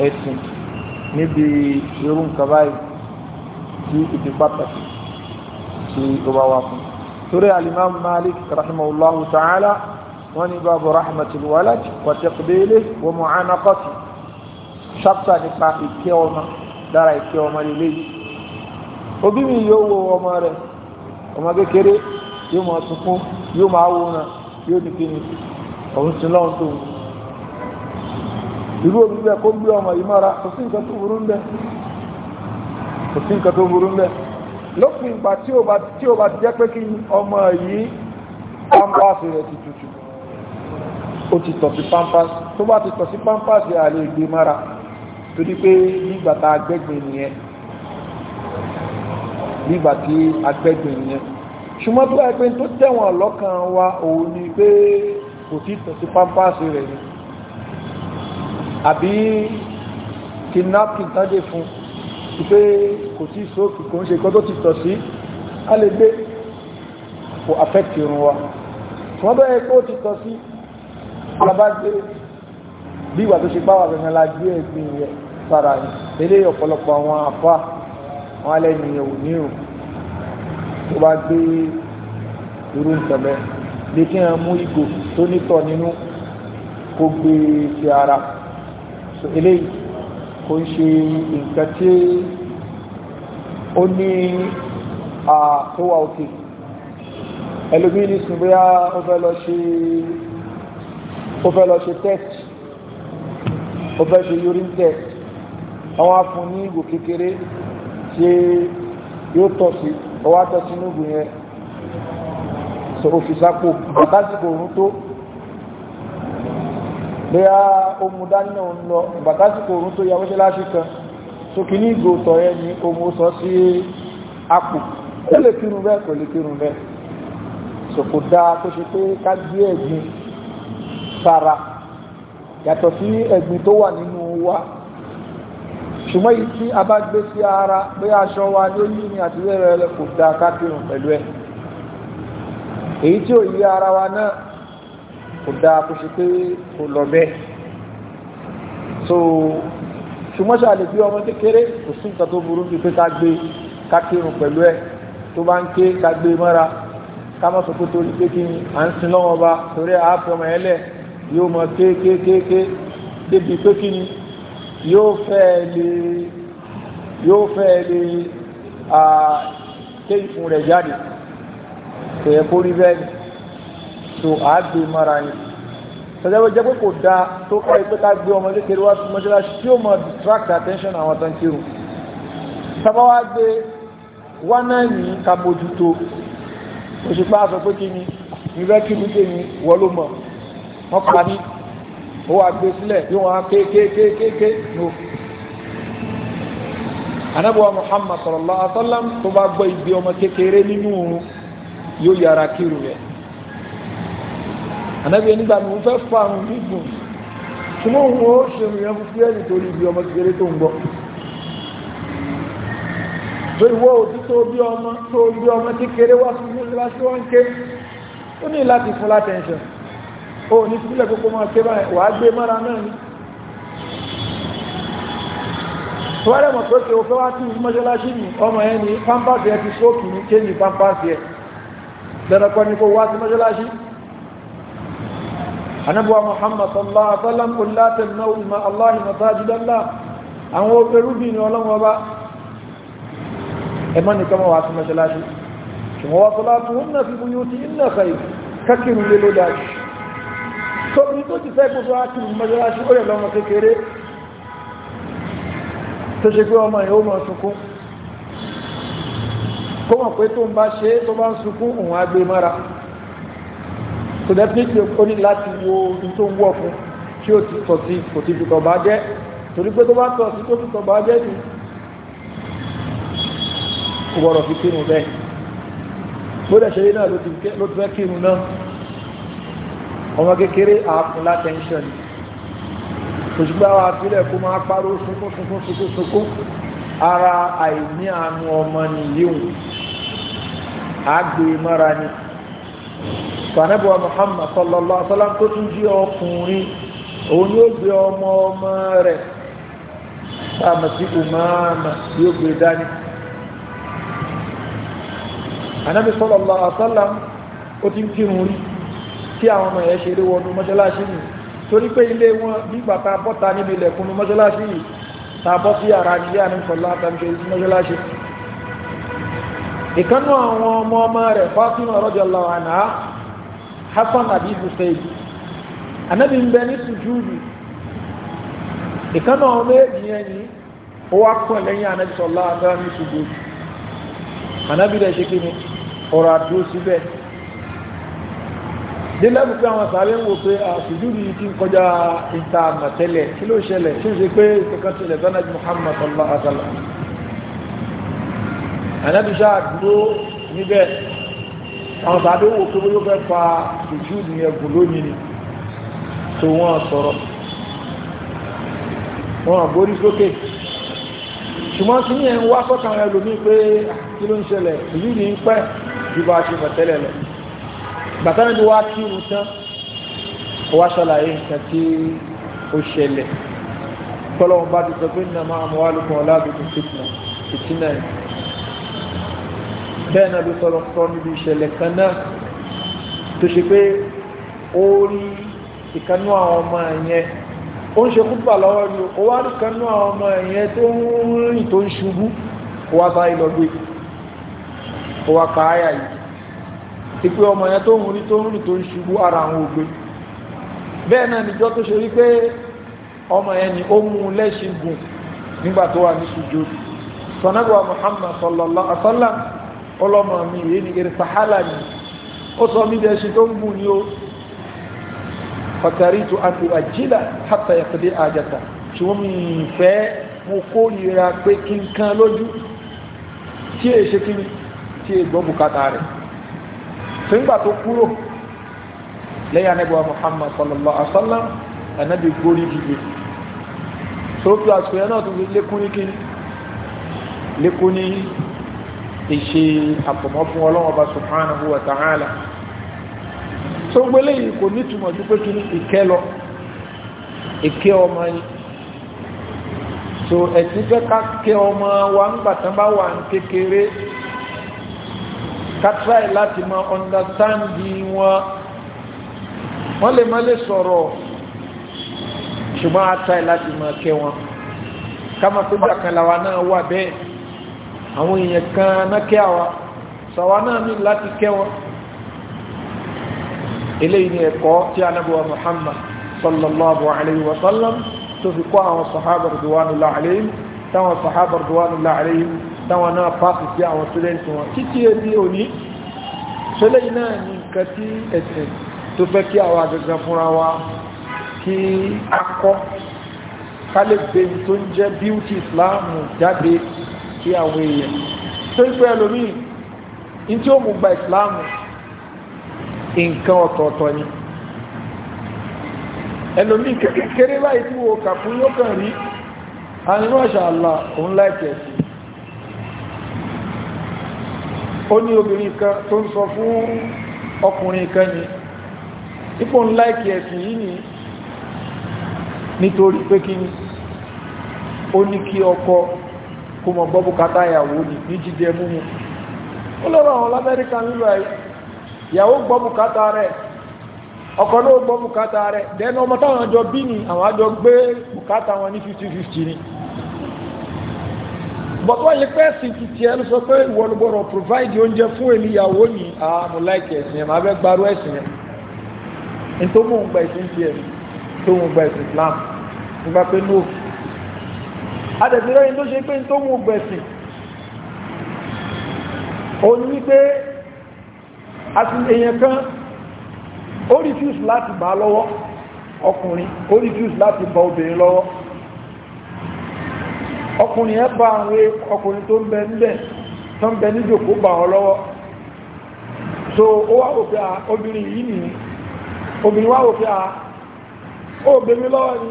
ẹ̀sìn níbi irú nǹkan báyìí tí ìdí pàtàkì tí ó bá wà fún torí alimami malik rahimahullahu ta'ala wọ́n ní babu rahmatul walad wa taqbilihi wa mu'anaqati ṣáptà nípa ìkẹ́ ọmọ dára ìkẹ́ ọmọ lílé yìí òbí mi yóò wo ọmọ rẹ̀ ọmọ kékeré yóò máa sunkún yóò máa wò náà yóò ní kíni òun sin lọ́wọ́ tó wù irú òbí bẹ́ẹ̀ kó gbé ọmọ yìí mọ́ra kò sí nǹkan tó kò sí nǹkan tó burú mẹ́ lópin ìgbà tí ó bá ti jẹ́ pé kí ọmọ yìí pampas rẹ̀ ti tutù ó ti tọ̀ sí pampas tó bá ti tọ̀ sí pampas àlè ìgbé mara torí pé nígbà tá agbẹ́gbẹ̀ nìyẹn nígbà tí agbẹ́gbẹ̀ nìyẹn ṣùgbọ́n tó ẹgbẹ́ tó tẹ̀wọ̀n lọ́kàn wa òun ni pé kò tí tọ̀ sí pampas rẹ̀ ni àbí kidnapping tán dé fún un pé kò tí sóòkì kò ń ṣe kọ́ tó ti tọ̀ sí a lè gbé kò affect irun wa wọ́n bẹ́ẹ̀ kó ti tọ̀ sí alábágbé bí ìwà tó ṣe bá wà bẹ̀rẹ̀ la gbé ẹ̀gbìn rẹ̀ sára ilé ọ̀pọ̀lọpọ̀ àwọn àfá wọn alẹ́niyàn ò ní o tó bá gbé irú ìtẹ̀lẹ̀ lè kí wọn mú ìgò tó nítọ̀ nínú kó gbé ti ara so eléyìí kò ń ṣe nǹkan tí ó ní àtúwà òkè ẹlòmí ní ṣùgbọ́n ó fẹ́ lọ ṣe test ó fẹ́ ṣe urine test àwọn afún ní ìgò kékeré tí yóò tọ̀ sí ọwá tọ̀ sínú ìgò yẹn sọ̀rọ̀ fi sápò òun tó bóyá ohun dání náà ń lọ ìgbàtásíkò orun tó yàwó ṣe láti kan sókè ní ìgò tọ̀ ẹ ní ohun sọ sí apò ó lè kírun bẹ́ẹ̀ kò lè kírun bẹ́ẹ̀ sòkò dáa tó ṣe pé ká gbé ẹ̀gbin sára yàtọ̀ sí ẹ̀gbin tó wà nínú wa ṣùgbọ́n yìí tí a bá gbé sí ara bóyá aṣọ wa ní orí ní àti rẹ̀ kò dáa ká kírun pẹ̀lú ẹ̀ èyí tí ò yí ara wa náà kò dáa kó ṣe pé kò lọ bẹ́ẹ̀ so ṣùgbọ́n ṣàlè bí ọmọ kékeré kò sí nǹkan tó burú bíi pé ká gbé ká kírun pẹ̀lú ẹ̀ tó bá ń ké ká gbé mọ́ra ká má sọ pé torí pé kí ni à ń sin lọ́wọ́ ba torí àápọ̀ ọmọ ẹ̀ lẹ̀ yóò mọ kéékéékéé débi pé kí ni yóò fẹ́ lè yóò fẹ́ lè ké ìfun rẹ̀ jáde kò yẹ kó rí bẹ́ẹ̀ ni so àágbé mara ni tọ́jáwé jẹ́ pé kò da tó kọ́ ipé ká gbé ọmọ kékeré wá sí tí ó mọ̀ distract attention àwọn tó ń kírun sábà wá gbé wá náà ní ká bójútó òṣùpá sọ pé kí ni ìrẹ́ kírun dé ni wọ́n ló mọ̀ wọ́n pa ní ó wà gbé sílẹ̀ bí wọ́n á kéékéékéékéé no anabuwa Muhammad sallallahu alaihi wa sallam tó bá gbọ́ ìgbé ọmọ kékeré nínú òun yóò yára kírun yẹn ànábi nígbà mi mo fẹ́ fa àwọn onígun tí mo ń wo ṣe ìrìnà fúnfún ẹ̀ nítorí ibi ọmọ kékeré tó ń bọ̀ tó ìwọ òtí tó bí ọmọ tó bí ọmọ kékeré wá sí múlá sí wọ́n ké ó ní láti fún látẹ̀ǹṣẹ̀ ó ní sílẹ̀ kókó máa ké báyìí wàá gbé mọ́ra náà ni tọ́wọ́rẹ́ mọ̀ pé kí o fẹ́ wá tí mọ́ṣáláṣí ni ọmọ ẹ ni pampasì ẹ ti sókì ní kéènì pampasì ẹ lẹ́nà kan ní kó wá sí mọ́ṣáláṣí anábọ̀ muhammad sallallahu alaihi wasallam kò látẹ̀ náà ìmọ̀ aláhi masájídọ́lá àwọn obìnrin ní ọlọ́wọ́ bá ẹmọ́ nìkan wà sí mọ́ṣáláṣí ṣùgbọ́n wá sọlá tó ń náà fi bú yóò ti iná kàí kákìrù lé ló dájú ti fẹ́ kó tó ákìrù mọ́ṣáláṣí yẹ lọ́mọ kékeré tó ṣe pé ọmọ yóò mọ̀ sunkún kó pé tó ń bá ṣe tó bá ń sunkún òun á gbé e so definitely ó ní láti wo ohun tó ń wọ̀ fún tí ó ti tọ̀ sí kò ti fi tọ̀bá jẹ́ torí pé tó bá tọ̀ sí tó fi tọ̀bá jẹ́ ni kò gbọ́dọ̀ fi kírun bẹ́ẹ̀ bó dẹ̀ ṣe rí náà ló ti fẹ́ kírun náà ọmọ kékeré àákùn látẹ́ńṣọ̀nì òṣùgbà wa sílẹ̀ kó máa páró sunkún sunkún sunkún sunkún ara àìní àánú ọmọ nìyíhùn àgbè e mọ́ra ni sanabuwa muhammad sallallahu alaihi wa sallam tó tún jí ọkùnrin òun yóò gbé ọmọ ọmọ rẹ̀ sáàmà sí umama yóò gbé dání anabi sallallahu alaihi wa sallam ó ti ń kírun rí tí àwọn ọmọ ẹ̀ ṣeré wọnú mọ́ṣáláṣí nìyí torí pé ilé wọn nígbà tá a bọ́ta níbi ilẹ̀kùn mọ́ṣáláṣí yìí bọ́ sí yàrá nílé àníṣọ́lá àtàmíṣe mọ́ṣáláṣí ìkánú àwọn ọmọ ọmọ rẹ̀ Fatima radiyallahu anha Hassan àbí Hussein anábì ń bẹ ní sùjúdù ìkánú àwọn méjì yẹn ni ó wá pọ̀ lẹ́yìn anábì sallallahu alaihi wasallam ní sùjúdù anábì rẹ̀ ṣe kí ni ọ̀rọ̀ àdó síbẹ̀ délẹ́bù pé àwọn sàárẹ́ ń wò pé àṣùjúrù yìí ti ń kọjá ìta àmàtẹ́lẹ̀ kí ló ṣẹlẹ̀ tí ó ṣe pé ìkẹ́kọ̀ọ́ tilẹ̀ sanaji Muhammad sallallahu alaihi wasallam ànábìṣà dúró níbẹ̀ àwọn tàbí wò pé yóò fẹ́ fa ìjú ìyẹn gùn lónìí ni tó wọ́n sọ̀rọ̀ wọ́n borí sókè ṣùgbọ́n tí ní ẹ̀ ń wá sọ́kàn rẹ̀ lómi pé ah, kí ló ń ṣẹlẹ̀ ìlú ní ń pẹ́ ju bá ṣe pẹ̀tẹ́lẹ̀ lọ bàtà níbi wá kí irun tán wá ṣàlàyé nǹkan tí ó ṣẹlẹ̀ tọ́lọ́wọ́n bá ti sọ pé nínú àwọn àwọn alùpùpù ọ̀làbùkù fìtìnà fìtìnà yìí bẹ́ẹ̀ náà ló sọ̀rọ̀ sọ níbi ìṣẹ̀lẹ̀ kan náà tó ṣe pé ó rí ìkanú àwọn ọmọ yẹn ó ń ṣe kúpà lọ́wọ́ ni ó wá rí ìkanú àwọn ọmọ yẹn tó ń rìn tó ń ṣubú ó wá bá ìlọ́gbé ó wá ka áyà yìí ìpé ọmọ yẹn tó ń rí tó ń rìn tó ń ṣubú ara àwọn ògbé bẹ́ẹ̀ náà níjọ́ tó ṣe rí pé ọmọ yẹn ni ó mú lẹ́ṣin gùn nígbà tó wà ní ṣùjú sọ̀nàgbà Muhammad sallallahu alaihi wa sallam ọlọ́mọ mi èyí ni ìrìsàhálà ni ó sọ mí bí ẹṣin tó ń bù ní o fàtàrí tó àti àjílà hàtà yàtàdé àjàtà ṣùgbọ́n mi fẹ́ mo kórìíra pé kí n kan lójú tí è ṣe kí ni tí è gbọ́ bùkátà rẹ̀ fíngbà tó kúrò lẹ́yìn anábíwá Muhammad sallallahu alaihi wasallam, sallam anábí gbórí dìde tó fi àṣùyẹ náà tó lékún ní kí ni lékún ní ìṣe àpọ̀mọ́ fún ọlọ́wọ́n bá subhanahu wa ta'ala tó ń gbélé yìí kò ní túmọ̀ ju pé kí ní ìkẹ́ lọ ìkẹ́ ọmọ yìí so ẹ̀sìn fẹ́ ká kẹ́ ọmọ wa ń gbàtán bá wà ní kékeré ká try láti mọ understand wọn wọ́n lè má lè sọ̀rọ̀ ṣùgbọ́n a láti mọ kẹ́ wọn ká pé bàkànlá wa náà wà bẹ́ẹ̀ àwọn èèyàn kan náà kẹ́ àwa sàwa náà ní láti kẹ́ wọn eléyìí ni ẹ̀kọ́ tí anábọ̀wá Muhammad sallallahu alayhi wa sallam tó fi kọ́ àwọn sahaba ridwanullahi alayhim táwọn sahaba ridwanullahi alayhim táwọn náà pàṣẹ sí àwọn students wọn títí ebi òní sọlẹ́yìí náà ní nǹkan tí tó fẹ́ kí àwọn agbègbè fúnra wa kí a kọ́ ká lè tó ń jẹ́ beauty Islam jáde sí àwọn èèyàn tó ń pẹ́ ẹlòmíì ní tí ó mú gba ìsìláàmù nǹkan ọ̀tọ̀ọ̀tọ̀ ni ẹlòmíì kékeré báyìí tí wo kà fún yóò kàn rí àrínú àṣà àlà òun láìpẹ́ sí ó ní obìnrin kan tó ń sọ fún ọkùnrin kan ni ipò ń láìkì ẹ̀sìn yìí ni nítorí pé kí ó ní kí ọkọ kó mọ gbọ́ bùkátà ìyàwó ni ní jíjẹ múmu ó lọ́rọ̀ àwọn lamẹ́ríkà nílò ayé ìyàwó gbọ́ bùkátà rẹ̀ ọkọ náà gbọ́ bùkátà rẹ̀ dẹ́nu ọmọ táwọn àjọ bí ni àwọn àjọ gbé bùkátà wọn ní fifty fifty ni bọ́tọ́ yìí pẹ́ sí ti tiẹ̀ sọ pé ìwọ ló gbọ́dọ̀ provide oúnjẹ fún èmi ìyàwó ni àmú láìkẹ̀ ẹ̀sìn ẹ̀ máa fẹ́ gbarú ẹ̀sìn ẹ̀ ní tó mú un gba ẹ̀sìn tiẹ̀ tó mú Islam nígbà nóòfù adẹ̀bìrẹ́ yìí tó ṣe pé tó mú gbẹ̀sìn ó ní pé èèyàn kan ó refuse láti bá lọ́wọ́ ọkùnrin ó refuse láti bá obìnrin lọ́wọ́ ọkùnrin ẹ bá àwọn ọkùnrin tó ń bẹ níbẹ̀ tó ń bẹ níjòkó bá wọn lọ́wọ́ so ó wá wò pé obìnrin yìí nìyí obìnrin wá wò pé ó bèmí lọ́wọ́ ni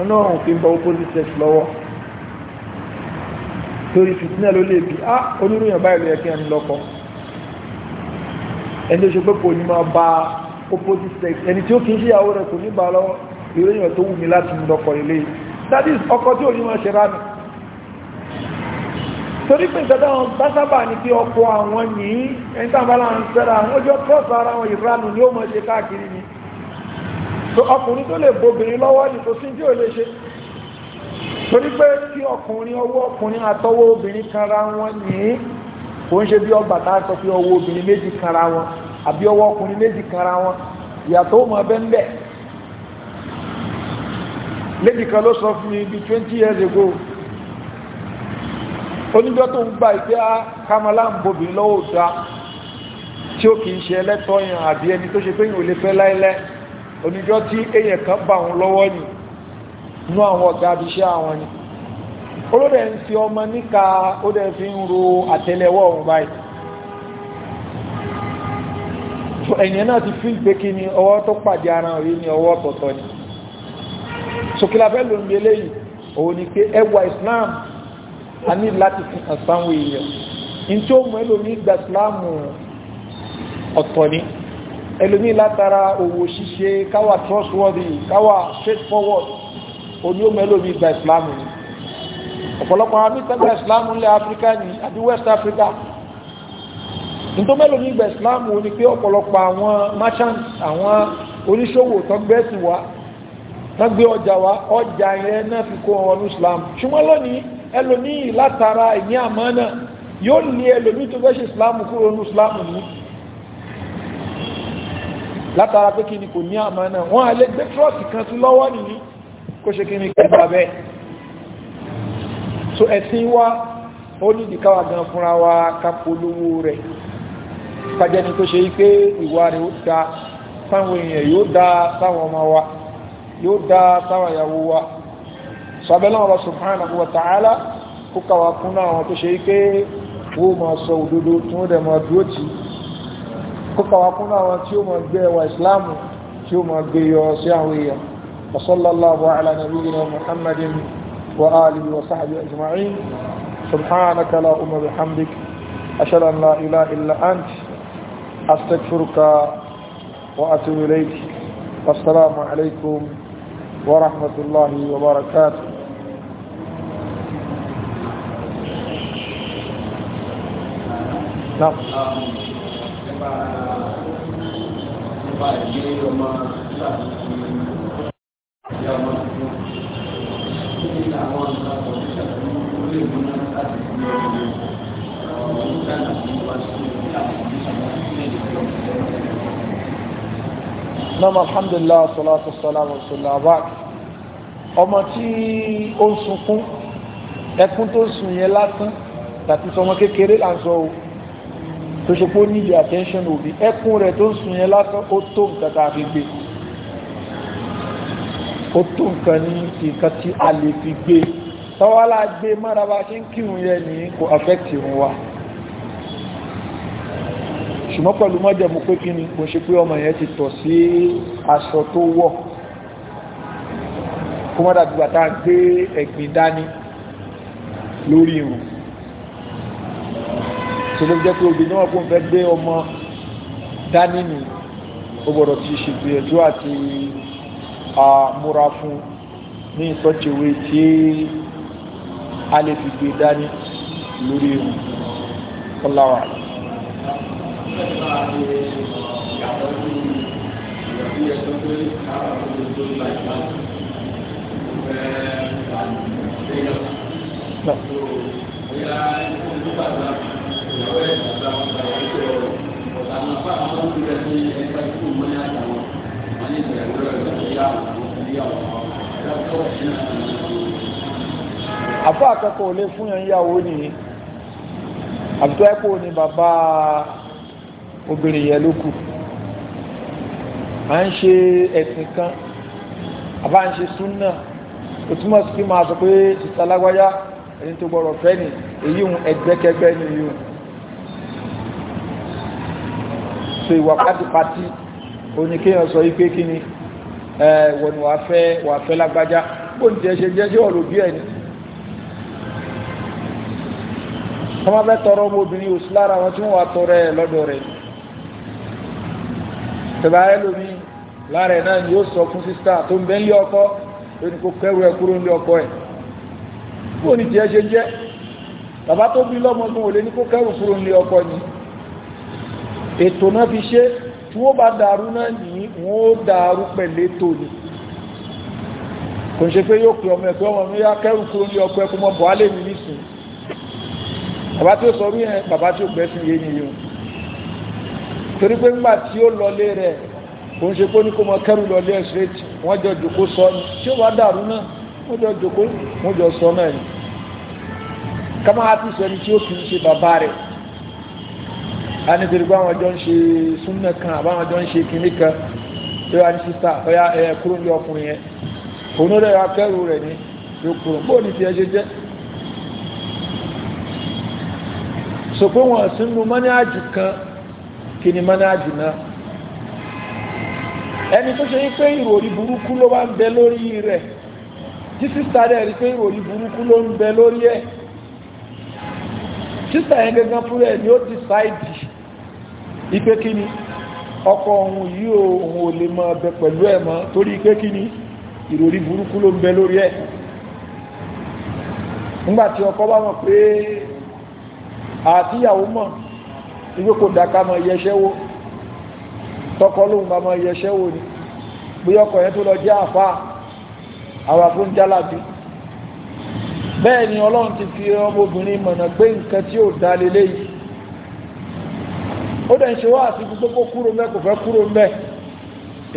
ọlọ́run fi ń bọ opposite sex lọ́wọ́ torí fìtínà ló lè bí á ah, oníròyìn báyìí lóyẹ kí ẹni lọ́kọ ẹni tó ṣe pé kò ní máa ba opposite sex ẹni tí ó kì í ṣèyàwó rẹ̀ kò ní bá lọ́wọ́ ìròyìn tó wù mí láti ń lọ́kọ ilé that is ọkọ tí ò ní máa ṣe ránù torí pé ìgbàdá wọn bá sábà ní kí ọkọ àwọn yìí ẹni tàbí àwọn ń sẹ́ra àwọn ojú ọkọ̀ sára àwọn ìranù ni ó máa ṣe káàkiri ni so ọkùnrin tó lè bobìnrin lọ́wọ́ ní kò sí tí ò lè ṣe torí pé kí ọkùnrin ọwọ́ ọkùnrin àtọwọ́ obìnrin kanra wọn ní kò ń ṣe bí ọgbà tá a sọ pé ọwọ́ obìnrin méjì kanra wọn àbí ọwọ́ ọkùnrin méjì kanra wọn ìyàtọ̀ ó mọ bẹ́ńbẹ́ lẹ́dì kan ló sọ fún mi bí 20 years ago oníjọ́ tó ń gba ìpé á ah, kamala ń bobìnrin lọ́wọ́ òṣà tí ó kì í ṣe ẹlẹ́tọ́ yẹn àbí ẹni tó ṣe pé yìí ò lè fẹ́ láìlẹ́ oníjọ́ tí èyàn kan bá wọn lọ́wọ́ ni inú àwọn ọ̀gá abiṣẹ́ àwọn ni olóòdẹ̀ ń fi ọmọ níka ó dẹ̀ fi ń ro àtẹ́lẹwọ́ ọ̀hún báyìí so ẹ̀yìn náà ti fi ìgbé kí ni ọwọ́ tó pàdé ara rí ni ọwọ́ tọ̀tọ̀ ni sókèlábẹ́ Islam a ní láti fi àsánwó Islam ọ̀tọ̀ ẹlòmí látara òwò ṣíṣe káwà trustworthy káwà straightforward oní ó mẹ́lòmí gba ìsìlámù ni ọ̀pọ̀lọpọ̀ àwọn mítẹ́gbà ìsìlámù ilẹ̀ áfíríkà ní àbí west africa ní tó mẹ́lòmí gba ìsìlámù ni pé ọ̀pọ̀lọpọ̀ àwọn merchants àwọn oníṣòwò tọ́gbẹ́sì wa tọ́gbé ọjà wa ọjà yẹn náà fi kó wọn ní ìsìlámù ṣùgbọ́n lónìí ẹlòmí látara ìní àmọ́ náà yóò ní ẹlòmí tó fẹ́ ṣe ìsìlámù kúrò ní ìsìlámù ni látara pé kí ni kò ní àmà náà wọ́n alẹ́ gbé trọ́ọ̀tì kan sí lọ́wọ́ nìyí kó ṣe kí ni kí bá bẹ́ẹ̀ so ẹ̀sìn wa ó ní ìdíkáwà gan fúnra wa ká polówó rẹ̀ kájẹni tó ṣe yí ìwà rẹ̀ da sáwọn èèyàn yóò da sáwọn ọmọ wa yóò da sáwọn ìyàwó wa sọ́bẹ́lá wa subhanahu wa ta'ala kó kàwà kún náà àwọn tó ṣe kópa wa kún àwọn tí ó máa gbé ẹwà ìsìláàmù tí ó máa gbé yọ sí àwọn èèyàn wasallallahu ala nabiyyina muhammadin wa alihi wa sahbihi ajma'in subhanaka la umma bihamdik ashhadu an la ilaha illa ant astaghfiruka wa atubu ilayk wassalamu alaykum wa rahmatullahi wa barakatuh Now. Um nípa nípa ìgbé ọmọ nígbà tó ti ìyá ọmọ tuntun kí ni àwọn nǹkan kan tó ṣàtúnṣe ó lè mú náà láti fi ọmọ ọmọ nígbà náà tó wá sí láti fi ṣàtúnṣe ní ìdílé ọmọ náà alhamdulilah salatu salamu sallam abak ọmọ tí ó ń sunkún ẹkún tó sùn yẹn lásán tàbí sọmọ kékeré là ń sọ o tó ṣe pé ó attention òbí ẹkún rẹ̀ tó ń sun yẹn lásán ó tó nǹkan tá a fi gbé ó tó nǹkan ní nǹkan tí a lè fi gbé tọ́wọ́lá gbé mọ́ra bá ń kírun yẹn ní kò affect irun wa ṣùgbọ́n pẹ̀lú mọ́jẹ̀mú pé kí ni mo ṣe pé ọmọ yẹn ti tọ̀ sí aṣọ tó wọ̀ kó mọ́dàgbà tá a gbé ẹ̀gbìn dání lórí irun sọlọ jẹ́ pé obìnrin wọn kò fẹ́ gbé ọmọ dání ni ó gbọ́dọ̀ ti ṣègbìyànjú àti múra fún ní ìsọ̀tìwé tí a lè fi gbé dání lórí ìrùn kọláwà. No àfọ àkẹ́kọ̀ọ́ ò lè fún yàn yàwó nìyí àbútọ́ ẹ̀kọ́ ni bàbá obìnrin yẹn ló kù à ń ṣe ẹ̀sìn kan àbá ń ṣe súnà ó túmọ̀ sí kí máa sọ pé ìsalágbáyá ẹni tó gbọ́rọ̀ fẹ́ ni èyí ń ẹgbẹ́kẹgbẹ́ ni yìí so ìwà pátípátí oníkéyàn sọ wípé kí ni wọ̀n wà fẹ́ wà fẹ́ lágbájá bó ní jẹ́ ṣe jẹ́ ṣe ọ̀rọ̀ bí ẹni wọ́n máa fẹ́ tọrọ ọmọbìnrin òsì lára wọn tí wọ́n wà tọrọ ẹ lọ́dọ̀ rẹ̀ tẹ̀bá ẹlòmí lára ẹ̀ náà ni yóò sọ fún sísá tó ń bẹ ọkọ tó ní kó kẹrù kúrò ń ọkọ ni ètò náà fi ṣe tí ó bá dàrú náà ní wọ́n ó dàrú pẹ̀lẹ́ tó ní kò ṣe pé yóò pè ọmọ ọmọ mi yá kúrò ní ọkọ̀ ẹkùn mọ́ buhari mi nísìn bàbá tí ó sọ rí yẹn bàbá tí ó gbẹ́ sí ni yóò torí pé tí ó lọlé kò ṣe pé ní kó mọ lọlé wọ́n jọ jòkó sọ tí ó bá dàrú náà ti tí ó kì í ṣe a ní torí pé àwọn jọ ń ṣe súnmọ́ kan àbáwọn jọ ń ṣe kìnní kan tó yà ní sísá ọ̀yà ẹ̀ kúrò ní ọkùnrin yẹn òun ló yà rẹ̀ ní yóò bó ní tiẹ̀ ṣe jẹ́ sọ wọn sínú mọ́níájì kan kí ni mọ́níájì náà ẹni tó ṣe yí pé ìròrí burúkú ló wá ń bẹ lórí rẹ̀ tí sísá rẹ̀ rí pé ìròrí burúkú ló ń bẹ lórí ẹ̀ sísá yẹn gangan fúnra ẹ̀ ni ó dìsáìdì ipe kí ni ọkọ òun yìí òun ò lè mọ ọbẹ pẹ̀lú ẹ̀ mọ́ torí ipe kí ni ìròrí burúkú ló ń bẹ lórí ẹ̀ nígbàtí ọkọ bá mọ̀ pé àtíyàwó mọ̀ ibi kò dáka mọ̀ yẹṣẹ́wó tọkọ lóhun bá mọ̀ yẹṣẹ́wó ni bí ọkọ̀ yẹn tó lọ jẹ́ àfá àwọn àfún jálàbí bẹ́ẹ̀ ni ọlọ́run ti fi ọmọbìnrin mọ̀nà pé nǹkan tí ó dá lélẹ́yìí ó dẹ̀ ń ṣe wá àti gbogbo kúrò mẹ́ kò fẹ́ kúrò mẹ́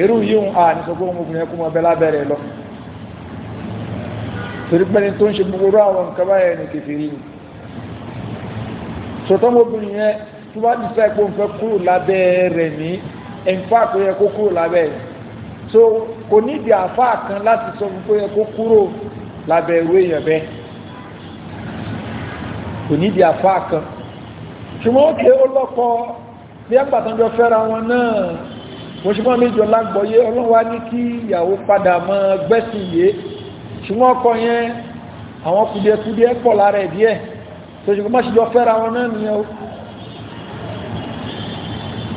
irú yíò à ní sọ pé òun obìnrin kú mọ́ bẹ́ lábẹ́rẹ̀ lọ torí pẹ́ni tó ń ṣe gbogbo àwọn nǹkan báyẹ̀ ní kèfèrí ni sọ̀tọ́ obìnrin yẹn tó bá ti fẹ́ kó ń fẹ́ kúrò lábẹ́rẹ̀ ní ẹ̀ǹfà yẹ kó kúrò lábẹ́rẹ̀ so kò nídìí àfá kan láti sọ fún pé yẹ kó kúrò lábẹ́ ìwé èèyàn bẹ́ẹ̀ kò nídìí àfá kan ṣùgbọ́n ó ké ó lọ́kọ̀ọ́ bí agbàtànjọ fẹ́ra wọn náà òṣùgbọ́n méjọ lágbọ́yé ọlọ́wà ní kí ìyàwó padà mọ́ gbẹ́sìn yé ṣùgbọ́n ọkọ yẹn àwọn kùdíẹ̀kùdíẹ̀ pọ̀ lára ẹ̀ díẹ̀ tó ṣùgbọ́n máṣíjọ fẹ́ra wọn náà nìyẹn o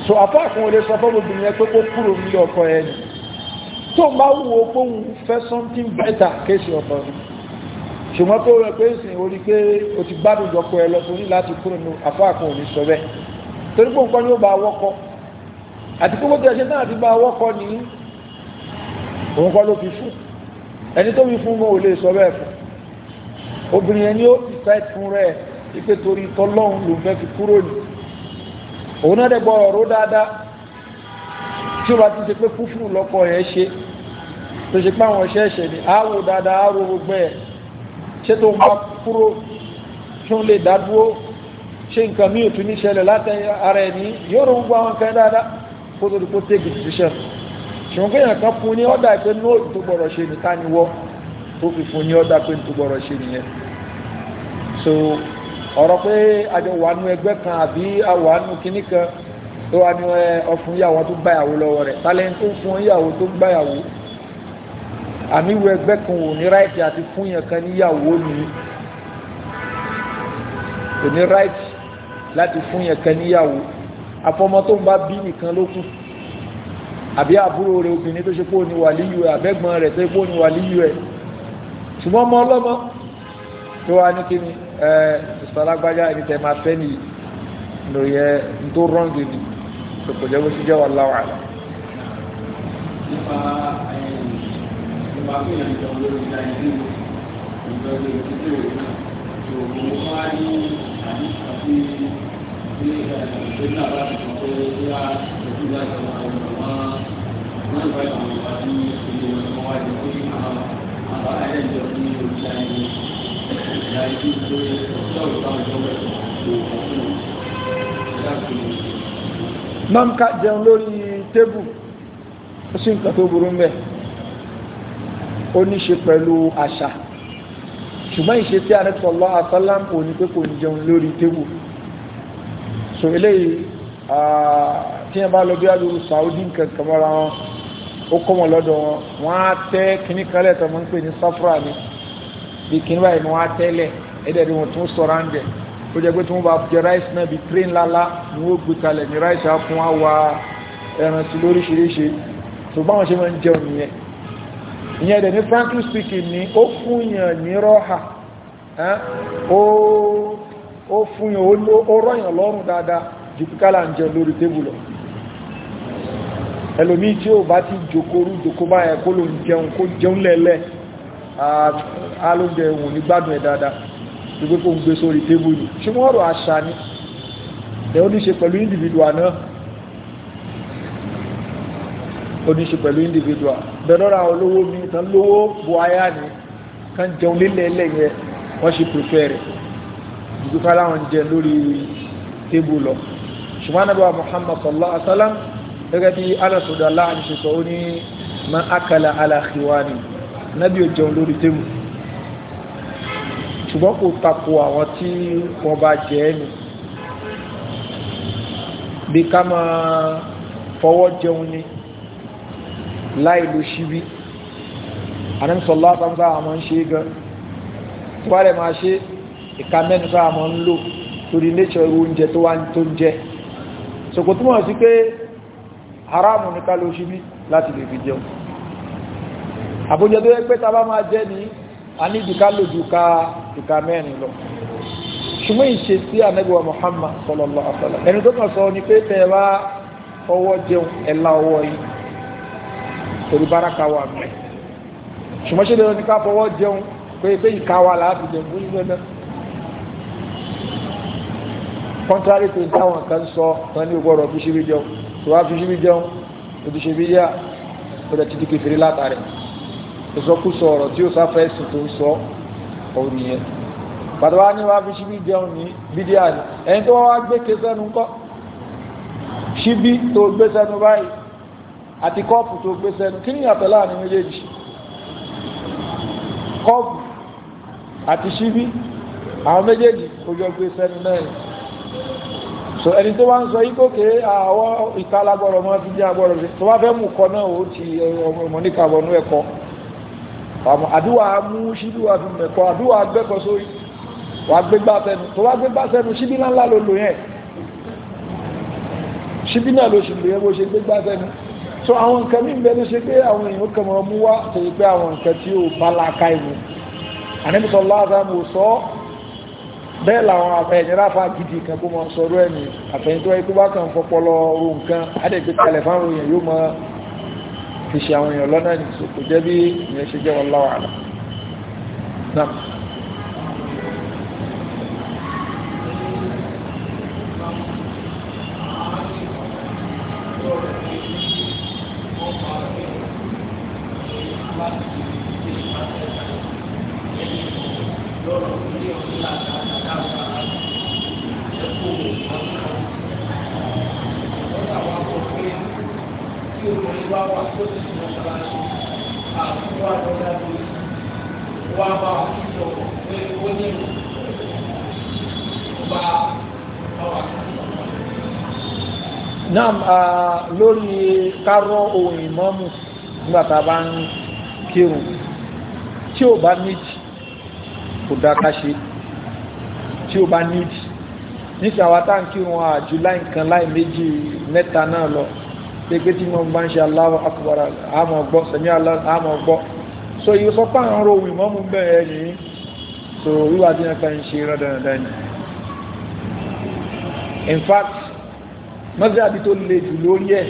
so apá kan ò lè sọ fọ́ gbogbo yẹn pé kó kúrò nílé ọkọ ẹ̀ ni tó ń bá wù ó pé òun fẹ́ something better kéṣì ọ̀tọ̀ ni ṣùgbọ́n tó rẹ̀ pé ìsìn orí pé o ti gbádùn jọkọ ẹ lọ torí láti kúrò ní apá kan ò ní sọ torí pé nǹkan ni ó bá wọ́kọ́ àti pé gbogbo ẹ̀ṣẹ́ náà ti bá wọ́kọ́ ní òun kọ́ ló fi fún ẹni tó fi fún mọ́ ò lè sọ bẹ́ẹ̀ fún obìnrin ẹni ó ti sáì fún rẹ̀ ipe torí tọ́lọ́hun ló fẹ́ fi kúrò ní òun náà dẹ̀gbọ́ ọ̀rọ̀ dáadáa tí ó bá ti ṣe pé kúfùrù lọ́kọ ẹ̀ ṣe tó ṣe pé àwọn ọ̀ṣẹ́ ẹ̀ṣẹ̀ ni àwò dáadáa àrò gbogbo ẹ̀ ṣé tó ń bá kúrò tí ó lè dá ṣe nǹkan mí ò tún ní ṣẹlẹ̀ látẹ̀yìn ara ẹni yóò rún gbọ́ àwọn nǹkan dáadáa kó tó di kó tẹ́gì ṣiṣẹ́ ṣùgbọ́n kéèyàn kan fún ní ọ́dà pé ní òòlù tó gbọ́dọ̀ ṣe nìkan ni wọ́ tó fi fún ní ọ́dà pé tó gbọ́dọ̀ ṣe nìyẹn so ọ̀rọ̀ pé àjọ wàánu ẹgbẹ́ kan àbí àwàánu kinní kan tó wà ní ọfun yàwó tó gbáyàwó lọ́wọ́ rẹ̀ tálẹ́ tó fún yàwó tó gbáyàwó àmì ìwé ẹgbẹ́ kan ò ní ráìtì àti fún yàn kan níyàwó mi kò ní ráìtì láti fún yẹn kan níyàwó àfọmọ tó ń bá bí nìkan ló kù àbí àbúrò rẹ̀ obìnrin tó ṣe pé òní wà líyù ẹ̀ àbẹ́gbọ́n rẹ̀ tó ṣe pé òní wà líyù ẹ̀ ṣùgbọ́n ọmọ ọlọ́mọ tó wà ní kíni ẹ ìsọlágbájá ẹni tẹ máa fẹ́ nìyí lórí ẹ ní tó rọ́ǹgì ni kò jẹ́ bó ṣe jẹ́ wà láwà. nípa ẹ̀yìn ìgbà tó yàn jọ lórí ìdáyẹ̀dínlò ìjọba ìdílé náà mọ́mká jẹun lórí tébù ó sì ń kàtó burú mẹ́ ó ní ṣe pẹ̀lú àṣà ṣùgbọ́n ìṣe tí ààrẹ sọ̀lọ́ àtàlám kò ní pé kò ní jẹun lórí tébù so eléyìí tí wọ́n bá lọ bí alùpùpù Saudi kankan mọ́ra wọn ó kọ́ wọn lọ́dọ̀ wọn wọ́n á tẹ́ kíní kalẹ̀ tó máa ń pè ní safra ni bí kíní báyìí ni wọ́n á tẹ́lẹ̀ ẹ̀dẹ̀ ni wọ́n tún sọ̀rọ̀ àǹdẹ̀ ó jẹ́ pé tí wọ́n bá jẹ ráìsì náà bí train lálá ni wọ́n gbé kalẹ̀ ní ráìsì á fún wa wá ẹran sí lóríṣiríṣi so báwọn ṣe máa ń jẹun nìyẹn ìyẹn dẹ̀ ní frankly speaking ni ó fúnyàn ní rọ́hà ó fúnyàn ó rọ́yàn lọ́rùn dáadáa jù píkálà ń jẹ lórí tébù lọ ẹlòmí tí ó bá ti jòkóru jòkó báyẹ kó ló ń jẹun kó jẹun lẹ́lẹ́ alóúnjẹ òun ní gbádùn ẹ̀ dáadáa ṣùgbọ́n kó gbé sórí tébù ni ṣùgbọ́n àṣà ni ẹ̀ ó ní ṣe pẹ̀lú individual náà ó ní pẹ̀lú individual bẹ̀rọ̀ra olówó mi tán lówó bu aya ni kan jẹun lílẹ̀ lẹ́yìn wọ́n ṣe prefer rẹ̀ dùdúkà láwọn jẹ lórí tébù lọ ṣùgbọ́n àbúrò Muhammad sallallahu alaihi wa sallam gẹ́gẹ́ bí alásùdà láàrin ṣe sọ ó ní ma akala alaxiwani nábì ò jẹun lórí tébù ṣùgbọ́n kò tako àwọn tí wọ́n bá jẹ ẹ́ ni bí ká máa fọwọ́ jẹun ni láì lo ṣíbí àníṣọ́lá sáà àmọ́ ń ṣe gan tó bá rẹ̀ máa ṣe ìka mẹ́nu sáà àmọ́ ń lò torí nature irú oúnjẹ tó wá tó ń jẹ sọ̀kò túnmọ̀ sí pé haramu ní ká lo ṣíbí láti lè fi jẹun àbójẹ tó yẹ pé tá bá máa jẹ ní a ní ìdíká lòdù ka ìka mẹ́rin lọ ṣùgbọ́n ìṣe sí ànẹ́gbẹ̀wà Muhammad sallallahu alaihi wasallam ẹni tó kàn sọ ni pé tẹ́ bá ọwọ́ jẹun ẹ̀la ọwọ́ yìí torí báraka wà mẹ́ ṣùgbọ́n ṣe lè ní ká fọwọ́ jẹun pé pé ìka wa láti jẹun fún ìgbẹ́ náà contrary to táwọn kan sọ wọn ní gbọ́dọ̀ fi ṣíbi jẹun tó wá fi ṣíbi jẹun tó ti ṣe bí yá ó dẹ̀ ti di kẹfìrí látàrí ìsọkúsọ ọ̀rọ̀ tí ó sáfẹ́ sùn tó ń sọ òun nìyẹn pàtó wá ní wá fi ṣíbí jẹun ní bídíà ni ẹni tó wá gbé kesẹ́nu kọ́ ṣíbí tó gbé sẹ́nu báyìí àti kọ́ọ̀pù tó gbé sẹ́nu kí ni ìyàtọ̀ láàrin méjèèjì kọ́ọ̀pù àti ṣíbí àwọn méjèèjì ojọ gbé sẹ́nu náà so ẹni tó wá ń sọ ikókè ah, àwọn ìtàlágbọ̀rọ̀ mọ́ ti jẹ́ agbọ̀rọ̀ tó wá fẹ́ mú kọ náà ó ti ọmọ níkàbọ̀nú ẹ̀kọ́ àdúwà mú ṣíbí wà fún mẹ́kọ́ àdúwà gbẹ́kọ́ sórí wà gbégbá sẹ́nu tó wá gbégbá sẹ́nu ṣíbí náà ló lò yẹn ṣíbí náà ló ṣì lò yẹn bó ṣe gbégbá sẹ́nu so àwọn nǹkan mí bẹ́ẹ̀ ló ṣe pé àwọn èèyàn kan máa mú wá tó yẹ pé àwọn nǹkan tí ó bá láàká ìlú Ànábì sallallahu alaihi wasallam sọ bẹ́ẹ̀ làwọn afẹ́yẹ̀nyẹ́ráfà gidi kan kó máa sọ̀rọ̀ ẹ̀mí àfẹ́yìntọ́ ikú bá kàn fọpọlọ ro nǹkan adẹ́gbẹ́ kalẹ̀ fáwọn èèyàn yóò máa fi ṣe àwọn èèyàn lọ́nà ní so kò jẹ́ bí ìyẹn ṣe jẹ́ wallahu a'lam náà nam lórí kárọ́ ohun ìmọ́mù nígbà tá a bá ń kírun tí ò bá níjì kò dá ká ṣe tí ò bá níjì nísì àwọn tá ń kírun àjù láì kan láì méjì mẹ́ta náà lọ pépé tí mo bá ń ṣe Allahu akbar àmọ̀ gbọ́ sẹ̀mí àmọ̀ gbọ́ so yìí sọ pé àwọn ohun ìmọ́mù bẹ́ẹ̀ nìyí so wíwá dín náà kan ń ṣe rẹ̀ ni in fact mọ́síàbí tó le jù lórí ẹ̀